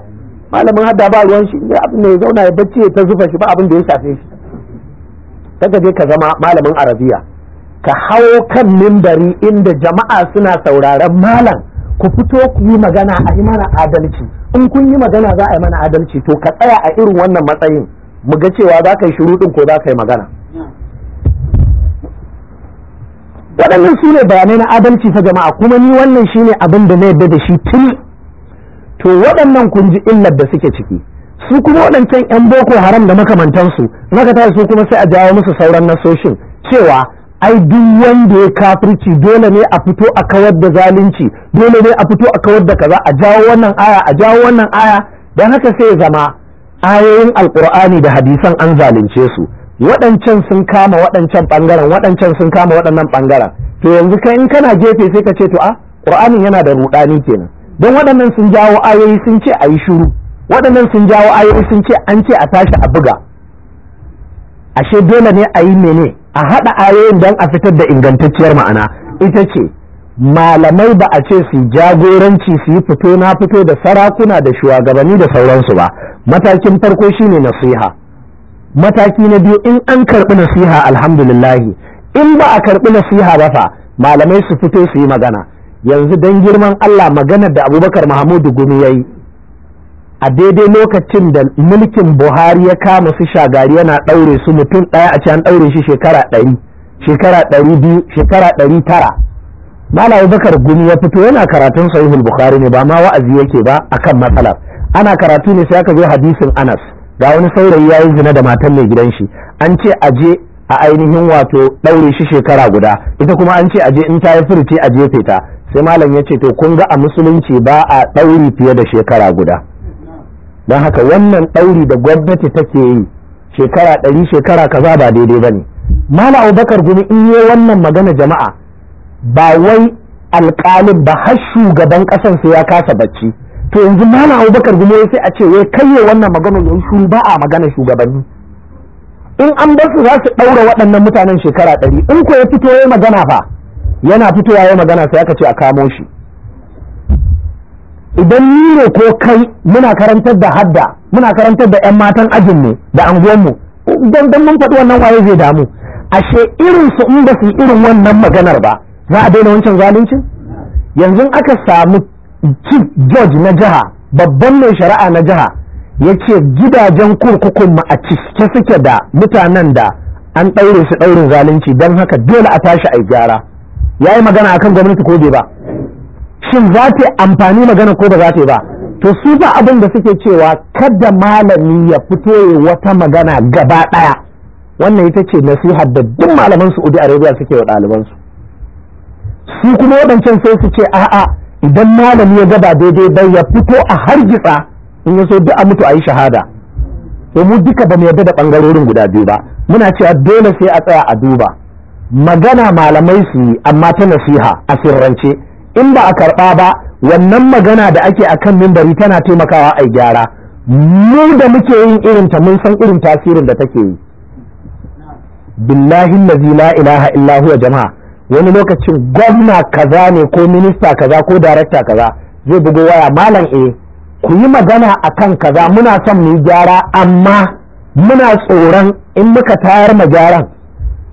Speaker 1: malamin hadda ba ruwan shi ne abin da ya zauna ya bacci ya ta zufa shi ba abin da ya shafe shi Ta je ka zama malamin arabiya ka hau kan mimbari inda jama'a suna sauraron malam ku fito ku yi magana a yi mana adalci in kun yi magana za a yi mana adalci to ka tsaya a irin wannan matsayin mu ga cewa za ka yi shuruɗin ko za ka yi magana waɗannan su ne bayanai na adalci ta jama'a kuma ni wannan shine abin da na yadda da shi tun to waɗannan kun ji illar da suke ciki su kuma waɗancan 'yan boko haram da makamantansu aka ta su kuma sai a jawo musu sauran nasoshin cewa ai duk wanda ya kafirci dole ne a fito a kawar da zalunci dole ne a fito a kawar da kaza a jawo wannan aya a jawo wannan aya don haka sai zama ayoyin Alƙur'ani da hadisan an zalunce su waɗancan sun kama waɗancan ɓangaren waɗancan sun kama waɗannan ɓangaren to yanzu kai in kana gefe sai ka ce to a ah, ƙur'anin yana da ruɗani kenan don waɗannan sun jawo ayoyi sun ce a yi shuru waɗannan sun jawo ayoyi sun ce an ce a tashi a buga ashe dole ne a yi mene a haɗa ayoyin don a fitar da ingantacciyar ma'ana ita ce malamai ba a ce su jagoranci su yi fito na fito da sarakuna da shugabanni da sauransu ba matakin farko shine nasiha mataki na biyu in an karɓi nasiha alhamdulillahi in ba a karɓi nasiha ba fa malamai su fito su yi magana yanzu don girman Allah maganar da abubakar mahamudu gumi ya yi a daidai lokacin da mulkin buhari ya kama su shagari yana ɗaure su mutum ɗaya a can ɗaure shi shekara ɗari shekara ɗari biyu shekara ɗari tara mala abubakar gumi ya fito yana karatun sahihul buhari ne ba ma wa'azi yake ba akan matsalar ana karatu ne sai aka zo hadisin anas ga wani saurayi ya yi zina da matan mai gidan shi an ce a je a ainihin wato ɗaure shi shekara guda ita kuma an ce a je in ta yi furuce a jefe ta sai malam ya ce to kun ga a musulunci ba a ɗauri fiye da shekara guda don haka wannan ɗauri da gwamnati take yi shekara ɗari shekara kaza ba daidai ba ne malam abubakar gumi in yi wannan magana jama'a ba wai alƙalin ba har shugaban ƙasan sai ya kasa bacci to yanzu malam abubakar gumi sai a ce kai ya wannan magana yi shuru ba a magana shugabanni in an ba su za su ɗaura waɗannan mutanen shekara ɗari in ko ya fito ya yi magana ba. yana fitowa ya magana sai aka ce a kamo shi idan ni ne ko kai muna karantar da hadda muna karantar da 'yan matan ajin ne da anguwanmu don don mun faɗi wannan waye zai damu ashe irin su in ba su irin wannan maganar ba za a daina wancan zalunci yanzu aka samu chief judge na jiha babban mai shari'a na jiha ya gidajen kurkukun mu a cike suke da mutanen da an ɗaure su ɗaurin zalunci don haka dole a tashi a gyara ya yi magana akan gwamnati ko bai ba shin za ta amfani magana ko ba za ta yi ba to su ba abin da suke cewa kada malami ya fito ya wata magana gaba ɗaya wannan ita ce nasihar da duk malaman Saudi Arabia suke wa ɗalibansu su kuma waɗancan sai su ce a'a idan malami ya gaba daidai bai ya fito a hargitsa in ya so duk a mutu a yi shahada to duka ba mu yarda da ɓangarorin guda biyu ba muna cewa dole sai a tsaya a duba magana malamai su yi amma ta nasiha a sirrance in ba a karɓa ba wannan magana da ake akan mimbari tana taimakawa a gyara mu da muke yin irin ta mun san irin tasirin da take yi billahi lazi la ilaha illahu jama'a wani lokacin gwamna kaza ne ko minista kaza ko darakta kaza zai bugo waya malam eh ku yi magana akan kaza muna son mu yi gyara amma muna tsoron in muka tayar ma gyaran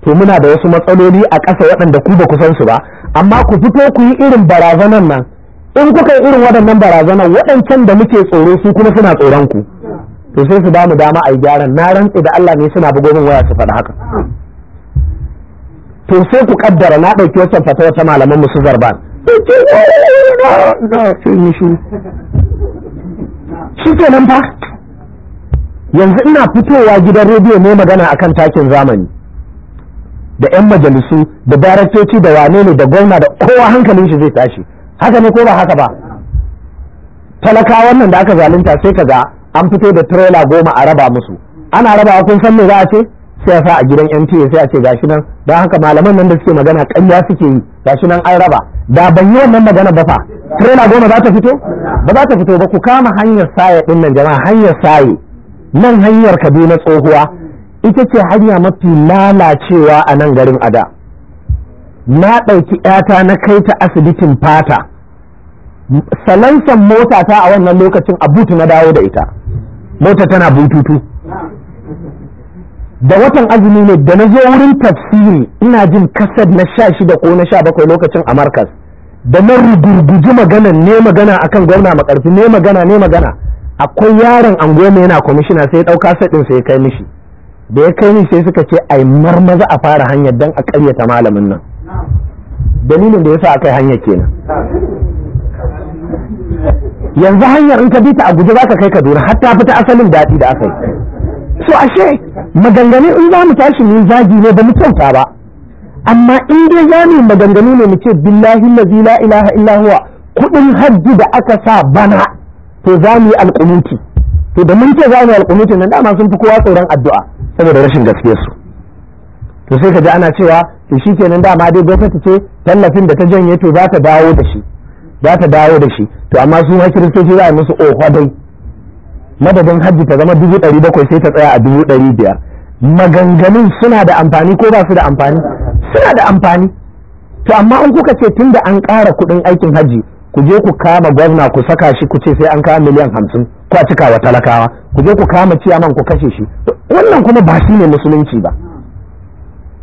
Speaker 1: to muna da wasu matsaloli a ƙasa waɗanda ku ba ku san su ba amma ku fito ku yi irin barazanan nan in kuka yi irin waɗannan barazanan waɗancan da muke tsoro su kuma suna tsoron ku to sai su ba dama a yi gyaran na rantse da Allah ne suna bugo min waya su faɗa haka to sai ku kaddara na ɗauki wata fatawa ta malaman mu su zarban shi nan fa yanzu ina fitowa gidan rediyo ne magana akan takin zamani da 'yan majalisu da daraktoci da wane ne da gwamna da kowa hankalin shi zai tashi haka ne ko ba haka ba talakawan nan da aka zalunta sai ka ga an fito da trela goma a raba musu ana raba kun san me za a ce sai a sa a gidan NTA sai a ce gashi nan don haka malaman nan da suke magana kanya suke yi gashi nan an raba da ban yi wannan magana ba fa trela goma za ta fito ba za ta fito ba ku kama hanyar saye din nan jama'a hanyar saye nan hanyar Kaduna tsohuwa ita ce hanya mafi lalacewa a nan garin ada na ɗauki ‘yata na kai ta asibitin fata salansan mota ta a wannan lokacin a butu na dawo da ita mota tana bututu da watan azumi ne da na zo wurin tafsiri ina jin kasar na sha shida ko na sha bakwai lokacin a markas da na rugurguji magana ne magana akan gwamna makarfi ne magana ne magana akwai yaron angoma yana kwamishina sai ya ɗauka ya kai mishi da ya kai ni sai suka ce a yi marmaza a fara hanyar dan a karyata malamin nan dalilin da ya sa aka yi hanyar kenan yanzu hanyar in ka bi ta a guje za ka kai kaduna har ta fita asalin daɗi da aka yi so ashe maganganu in za mu tashi mu zagi ne ba mu kyauta ba amma in dai za mu maganganu ne mu ce billahi lazi la ilaha illa huwa kudin hajji da aka sa bana to za mu yi alƙunuti to da mun ce za mu alƙunutin nan dama sun fi kowa tsoron addu'a saboda rashin gaskiyar su to sai ka ji ana cewa to shi kenan dama dai gwamnati ce tallafin da ta janye to za ta dawo da shi za ta dawo da shi to amma su ma kiristoci za a musu oho dai madadin hajji ta zama dubu ɗari bakwai sai ta tsaya a dubu ɗari biyar maganganun suna da amfani ko ba su da amfani suna da amfani to amma in kuka ce tunda an ƙara kuɗin aikin hajji ku je ku kama gwamna ku saka shi ku ce sai an kama miliyan hamsin ko cika wa talakawa ku je ku kama ciyaman ku kashe shi wannan kuma ba shi ne musulunci ba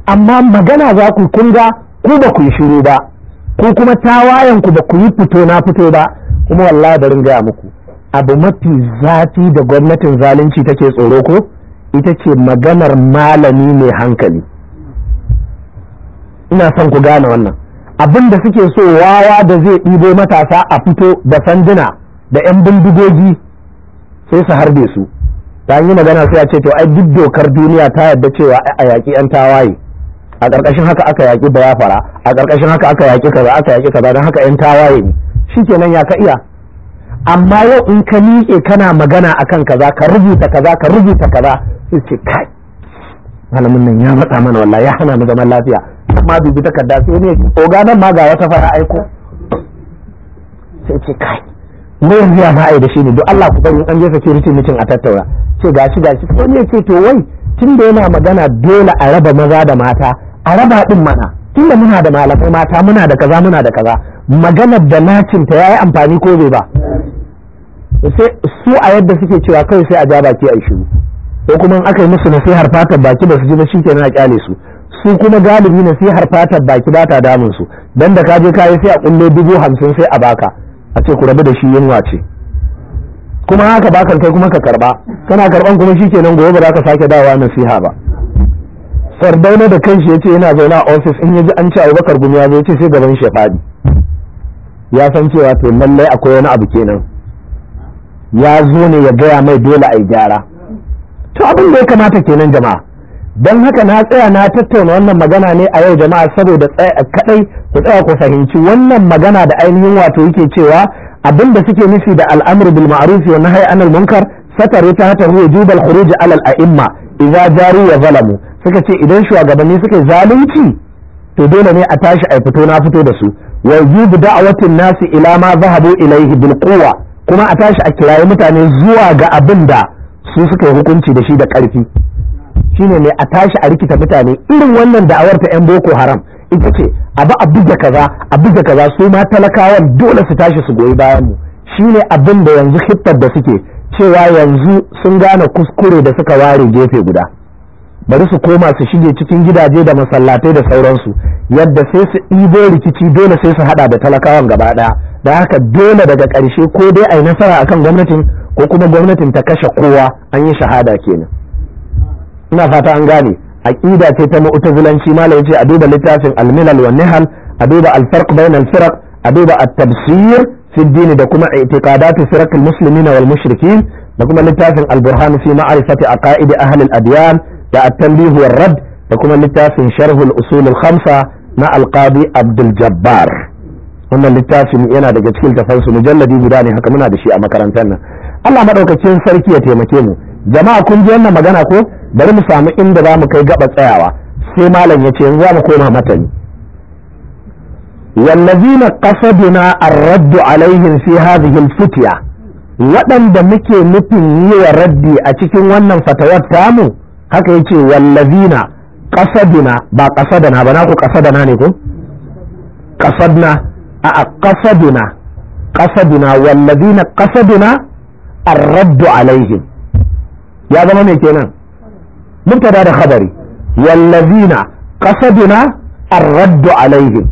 Speaker 1: amma magana za ku kun ku ba ku yi shiru ba ku kuma tawayen ku ba ku yi fito na fito ba kuma wallahi barin gaya muku abu mafi zafi da gwamnatin zalunci take tsoro ko ita ce maganar malami mai hankali ina son ku gane wannan abin da suke so wawa da zai ɗibo matasa a fito da sanduna da 'yan bindigogi sai su harbe su ta yi magana sai a ce to ai duk dokar duniya ta yadda cewa a yaƙi yan tawaye a ƙarƙashin haka aka yaƙi bayafara a ƙarƙashin haka aka yaƙi kaza aka yaƙi kaza don haka yan tawaye ne shikenan ya ka iya amma yau in ka miƙe kana magana akan kaza ka rubuta kaza ka rubuta kaza sai ce kai malamin nan ya matsa mana wallahi ya hana mu zaman lafiya amma bibi takarda sai ne oga nan ma ga wata fara aiko sai ce kai mu yanzu ya ma'ai da shi ne don Allah ku bari an je security mutum a tattaura ce gashi gashi ko ne ce to wai tun da yana magana dole a raba maza da mata a raba din mana tunda muna da malamai mata muna da kaza muna da kaza maganar da nacin ta yayi amfani ko bai ba sai su a yadda suke cewa kai sai a ja baki a shiru ko kuma aka yi musu nasihar fatar baki ba su ji ba shikenan a kyale su su kuma galibi nasihar fatar baki ba ta damun su dan da ka je ka yi sai a kulle dubu hamsin sai a baka a ce ku rabu da shi yunwa ce kuma haka bakan kai kuma ka karba kana karban kuma shi nan gobe ba za ka sake dawa nasiha ba sardauna da kanshi ce yana zaune a ofis in yaji an ce Abubakar gumi ya ce yace sai gaban shi ya ya san cewa to lallai akwai wani abu kenan ya zo ne ya gaya mai dole a yi gyara to abin da ya kamata kenan jama'a don haka na tsaya na tattauna wannan magana ne a yau jama'a saboda kadai ku tsaya ku fahimci wannan magana da ainihin wato yake cewa abin da suke nufi da al'amr bil ma'ruf wa nahy anil munkar satare ta hata huwa jubal khuruj ala al a'imma idza jaru wa zalamu suka ce idan shugabanni suka zalunci to dole ne a tashi a fito na fito da su wa yujibu da'watin nasi ila ma zahabu ilayhi bil kuma a tashi a kirayi mutane zuwa ga abin da su suka yi hukunci da shi da karfi shine mai a tashi a rikita mutane irin wannan da'awar ta yan boko haram ita ce a abu a buga kaza a buga kaza su ma talakawan dole su tashi su goyi bayan mu shine abin da yanzu hittar da suke cewa yanzu sun gane kuskure da suka ware gefe guda bari su koma su shige cikin gidaje da masallatai da sauransu yadda sai su ɗibo rikici dole sai su hada da talakawan gaba ɗaya da haka dole daga ƙarshe ko dai a yi nasara akan gwamnatin ko kuma gwamnatin ta kashe kowa an yi shahada kenan ina fata an gane aqida ce ta mu'tazilanci malam yace a duba littafin al-milal wa nihal a duba al-farq bain al-firq a duba at-tabsir fi ad da kuma i'tiqadatu firq al-muslimin wal mushrikin da kuma littafin al-burhan fi ma'rifati aqaid ahli al-adyan da at-tanbih wa rad da kuma littafin sharh al-usul al-khamsa na al-qadi abdul jabbar wannan littafin yana daga cikin tafansu mujalladi guda ne haka muna da shi a makarantar nan Allah madaukakin sarki ya taimake mu jama'a kun ji wannan magana ko bari mu samu inda za mu kai gaba tsayawa sai malam ya ce yanzu za mu koma matani wallazina radd alaihim fi hadhihi al-fitya waɗanda muke nufin yi raddi a cikin wannan fatawar tamu haka yace wallazina qasadna ba qasadana ba na ku qasadana ne ko qasadna a a qasadna wallazina ar radd alaihim ya zama me kenan mubtada da khabari wallazina qasaduna ar-radd alaihim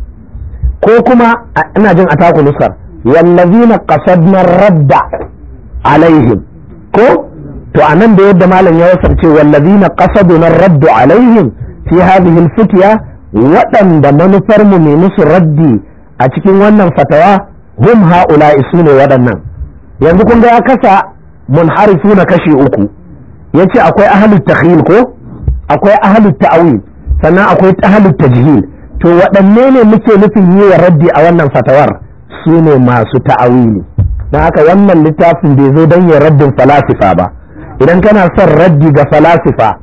Speaker 1: ko kuma ina jin ataku nusar wallazina qasadna ar-radd alaihim ko to anan da yadda malam ya wasarce wallazina qasaduna ar-radd alaihim fi hadhihi al-fitya waɗanda manufar mu ne musu raddi a cikin wannan fatawa hum haula isu ne waɗannan yanzu kun ga ya kasa munharifu na kashi uku ya ce akwai ahalin takhil ko akwai ahalin ta'awil sannan akwai ahalin tajhil to waɗanne ne muke nufin yi wa raddi a wannan fatawar su ne masu ta'awili don haka wannan littafin bai zo don yi raddin falasifa ba idan kana son raddi ga falasifa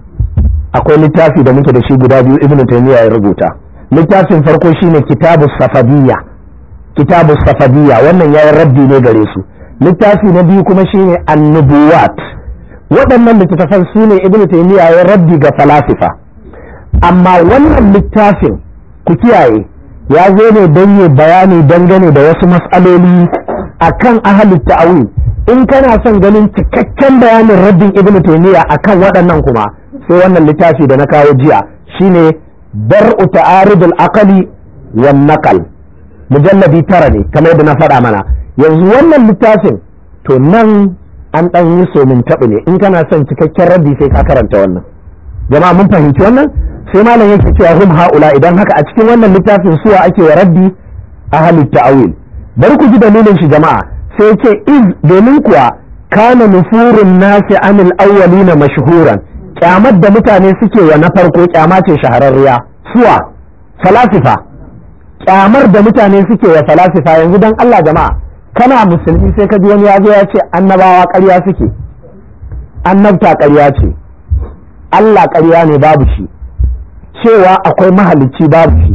Speaker 1: akwai littafi da muke da shi guda biyu ibnu taymiya ya rubuta littafin farko shine kitabu safadiyya kitabu safadiyya wannan yi raddi ne gare su littafi na biyu kuma shine annubuwat waɗannan littattafan su ne ibn taymiya ya rabbi ga falasifa amma wannan littafin ku kiyaye ya zo ne don yi bayani dangane da wasu matsaloli akan ahalin ta'awi in kana son ganin cikakken bayanin rabbin ibn taymiya akan waɗannan kuma sai wannan littafi da na kawo jiya shine bar ta'aridul aqli wan naqal mujalladi tara ne kamar yadda na faɗa mana yanzu wannan littafin to nan an ɗan yi so min taɓi ne in kana son cikakken rabbi sai ka karanta wannan jama'a mun fahimci wannan sai malam yake cewa hum haula idan haka a cikin wannan littafin suwa ake wa rabbi halitta ta'awil bari ku ji dalilin shi jama'a sai ce iz domin kuwa kana nufurun nasi anil na mashhuran kyamar da mutane suke wa na farko kyama ce shahararriya suwa falasifa kyamar da mutane suke wa falasifa yanzu dan Allah jama'a kana musulmi sai ka ji wani ya zo ya ce annabawa ƙarya suke annabta ƙarya ce Allah ƙarya ne babu shi cewa akwai mahalicci babu shi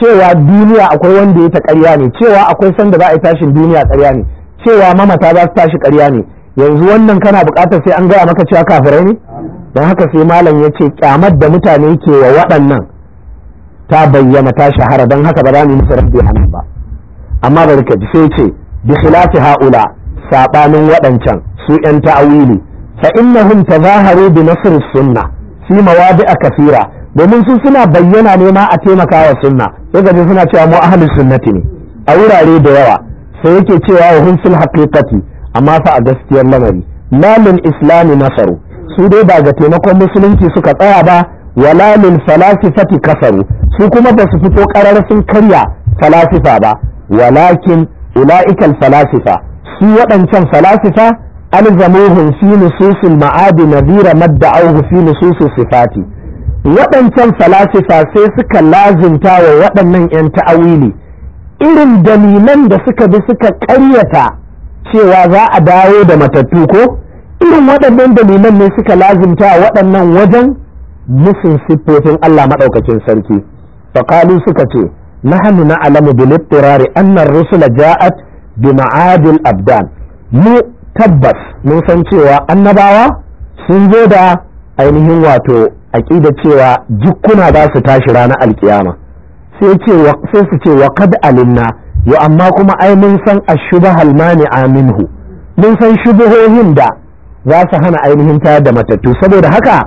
Speaker 1: cewa duniya akwai wanda ya ta ƙarya ne cewa akwai sanda za a yi tashin duniya ƙarya ne cewa mamata za su tashi ƙarya ne yanzu wannan kana buƙatar sai an gaya maka cewa kafirai ne don haka sai malam ya ce kyamar da mutane ke wa waɗannan ta bayyana ta shahara don haka ba za mu yi musu rabbi hannu ba amma bari ka ji sai ce bi khilafi haula saɓanin waɗancan su yan ta'awili fa innahum tazaharu bi nasr sunna fi mawadi'a domin su suna bayyana ne ma a taimakawa sunna sai gaji suna cewa mu ahlus sunnati ne a wurare da yawa sai yake cewa wa hum fil haqiqati amma fa a gaskiyar lamari malin islami nasaru su dai ba ga taimakon musulunci suka tsaya ba wala lil falasifati kasaru su kuma ba su fito karar sun karya falasifa ba walakin ula'ikal falasifa su waɗancan falasifa alzamuhum fi nususil ma'adi nadira madda'auhu fi nususil sifati waɗancan falasifa sai suka lazimta wa waɗannan 'yan ta'awili irin dalilan da suka bi suka ƙaryata cewa za a dawo da matattu ko irin waɗannan dalilan ne suka lazimta waɗannan wajen musun siffofin Allah maɗaukacin sarki faƙalu suka ce nahnu Alamu bil ittirari anna ar-rusula ja'at bi abdan mu tabbas mun san cewa annabawa sun zo da ainihin wato aƙida cewa jikkuna za su tashi ranar alkiyama sai ce sai su ce wa qad alinna, yo amma kuma ai mun san ashubahal mani aminhu mun san shubuhohin da za su hana ainihin ta da matattu saboda haka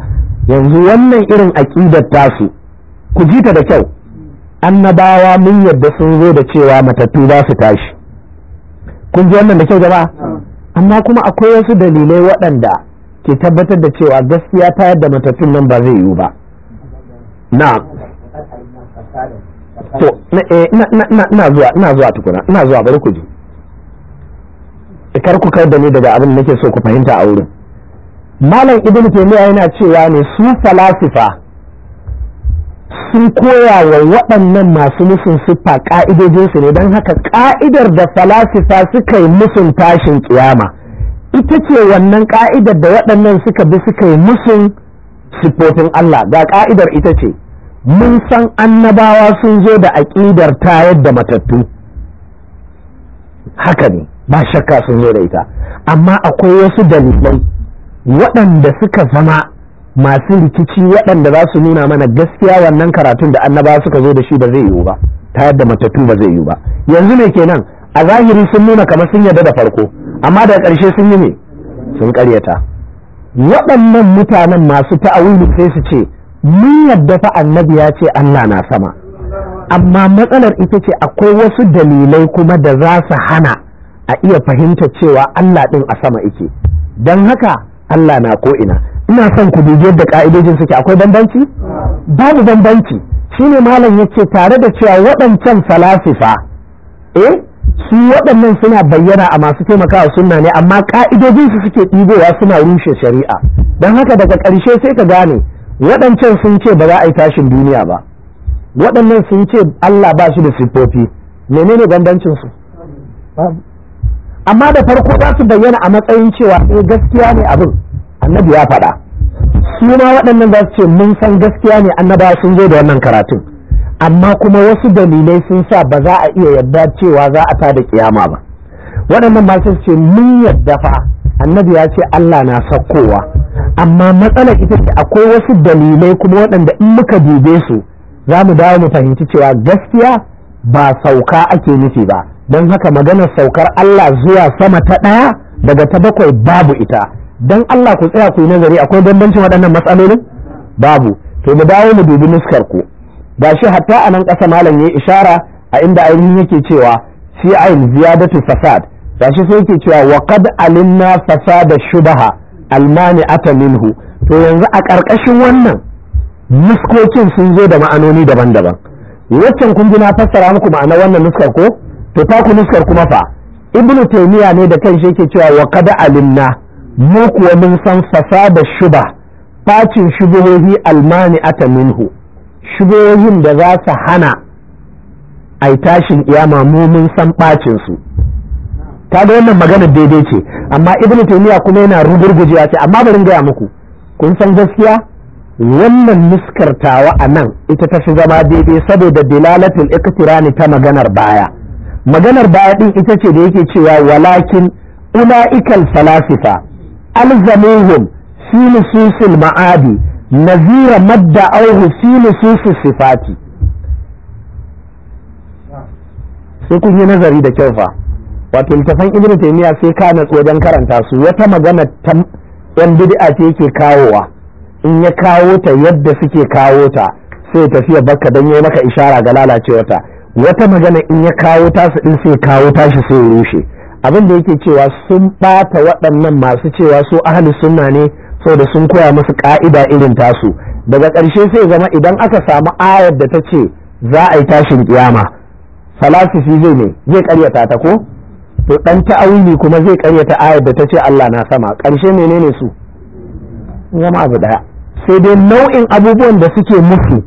Speaker 1: yanzu wannan irin aƙidar tasu ku ji ta da kyau annabawa mun yadda sun zo da cewa matattu ba su tashi kun ji wannan da kyau jama'a mm. amma kuma akwai wasu dalilai waɗanda ke tabbatar da cewa gaskiya ta yadda matattun nan ba zai yiwu ba na to eh, ina zuwa ina zuwa tukuna ina zuwa bari ku ji kar ku kar da ni daga abin da nake so ku fahimta a wurin malam ibnu taymiya yana cewa ne su falasifa sun koya wa waɗannan masu musun siffa ƙa'idojinsu ne don haka ƙa'idar da falasifa suka yi musun tashin kiyama ita ce wannan ƙa'idar da waɗannan suka bi suka yi musun siffofin Allah ga ƙa'idar ita ce mun san annabawa sun zo da aƙidar ta yadda matattu haka ne ba shakka sun zo da ita amma akwai wasu dalilai waɗanda suka zama masu rikici waɗanda za su nuna mana gaskiya wannan karatun da annaba suka zo da shi ba zai yiwu ba ta yadda matattu ba zai yiwu ba yanzu ne kenan a zahiri sun nuna kamar sun yarda da farko amma da ƙarshe sun yi ne sun ƙaryata waɗannan mutanen masu ta'awilu sai su ce mun yadda fa annabi ya ce Allah na sama amma matsalar ita ce akwai wasu dalilai kuma da za su hana a iya fahimta cewa Allah ɗin a sama ike don haka Allah na ko'ina ina son ku dubi yadda ka'idojin suke akwai bambanci babu bambanci shine malam ya yake tare da cewa waɗancan falasifa eh su waɗannan suna bayyana a masu taimakawa sunna ne amma ka'idojin su suke ɗibowa suna rushe shari'a don haka daga ƙarshe sai ka gane waɗancan sun ce ba za a yi tashin duniya ba waɗannan sun ce Allah ba shi da siffofi menene bambancin amma da farko za su bayyana a matsayin cewa eh gaskiya ne abin annabi ya faɗa su ma waɗannan za su ce mun san gaskiya ne annaba sun zo da wannan karatun amma kuma wasu dalilai sun sa ba za a iya yadda cewa za a tada kiyama ba waɗannan masu ce mun yadda fa annabi ya ce Allah na sakkowa amma matsalar ita ce akwai wasu dalilai kuma waɗanda in muka dube su za mu dawo mu fahimci cewa gaskiya ba sauka ake nufi ba don haka maganar saukar Allah zuwa sama ta ɗaya daga ta bakwai babu ita dan Allah ku tsaya ku yi nazari akwai bambancin waɗannan matsalolin babu to mu dawo mu dubi nuskar ku shi hatta a nan ƙasa malam ya ishara a inda ainihin yake cewa fi ayin ziyadatu fasad shi sai yake cewa wa qad alimna fasada shubaha almani ata minhu to yanzu a ƙarƙashin wannan nuskokin sun zo da ma'anoni daban-daban waccan kun ji na fassara muku ma'anar wannan nuskar ko to ta ku nuskar kuma fa ibnu taymiya ne da kan shi yake cewa wa qad alimna mu kuwa mun san fasada shuba facin shubuhohi almani ata minhu shubuhohin da za su hana ai tashin iyama mu mun san bacin su ga wannan magana daidai ce amma ibn taymiya kuma yana rugurguje ce amma bari gaya muku kun san gaskiya wannan muskartawa a nan ita ta fi zama daidai saboda dilalatul iktirani ta maganar baya maganar baya din ita ce da yake cewa walakin ula'ikal falasifa alzamuhum fi nususil ma'adi nazira madda auhu fi nususis sifati sai kun yi nazari da kyau fa wato littafan ibn taymiya sai ka natsu wajen karanta su wata magana ta yan bid'a ce yake kawowa in ya kawo ta yadda suke kawo ta sai tafiya bakka dan yayi maka ishara ga lalacewata, wata magana in ya kawo ta su din sai kawo tashi sai rushe abin da yake cewa sun ɓata waɗannan masu cewa su ahli sunna ne saboda sun koya musu ƙa'ida irin tasu daga ƙarshe sai zama idan aka samu ayar da ta ce za a yi tashin kiyama falasifi zai ne zai ƙaryata ta ko to ɗan ta'awili kuma zai ƙaryata ayar da ta ce Allah na sama ƙarshe menene su zama abu ɗaya sai dai nau'in abubuwan da suke musu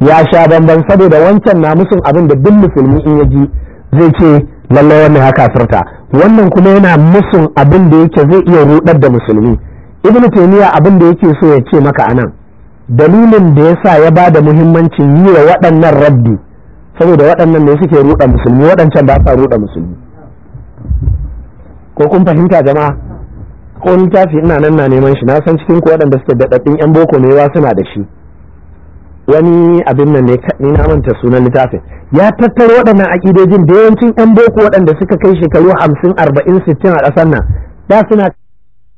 Speaker 1: ya sha bamban saboda wancan na musun abin da duk musulmi in ya ji zai ce lallai wannan ya kafirta wannan kuma yana musun abin da yake zai iya rudar da musulmi ibnu taymiya abin da yake so ya ce maka anan dalilin da yasa ya ba da muhimmancin yi wa waɗannan raddi saboda waɗannan ne suke ruɗa musulmi waɗancan ba sa ruɗa musulmi ko kun fahimta jama'a ko littafi ina nan na neman shi na san cikin ku waɗanda suke daɗaɗɗun yan boko ne suna da shi wani abin nan ne ni na manta sunan littafin ya tattaro waɗannan akidojin da yawancin yan boko waɗanda suka kai shekaru hamsin arba'in sittin a ƙasar nan da suna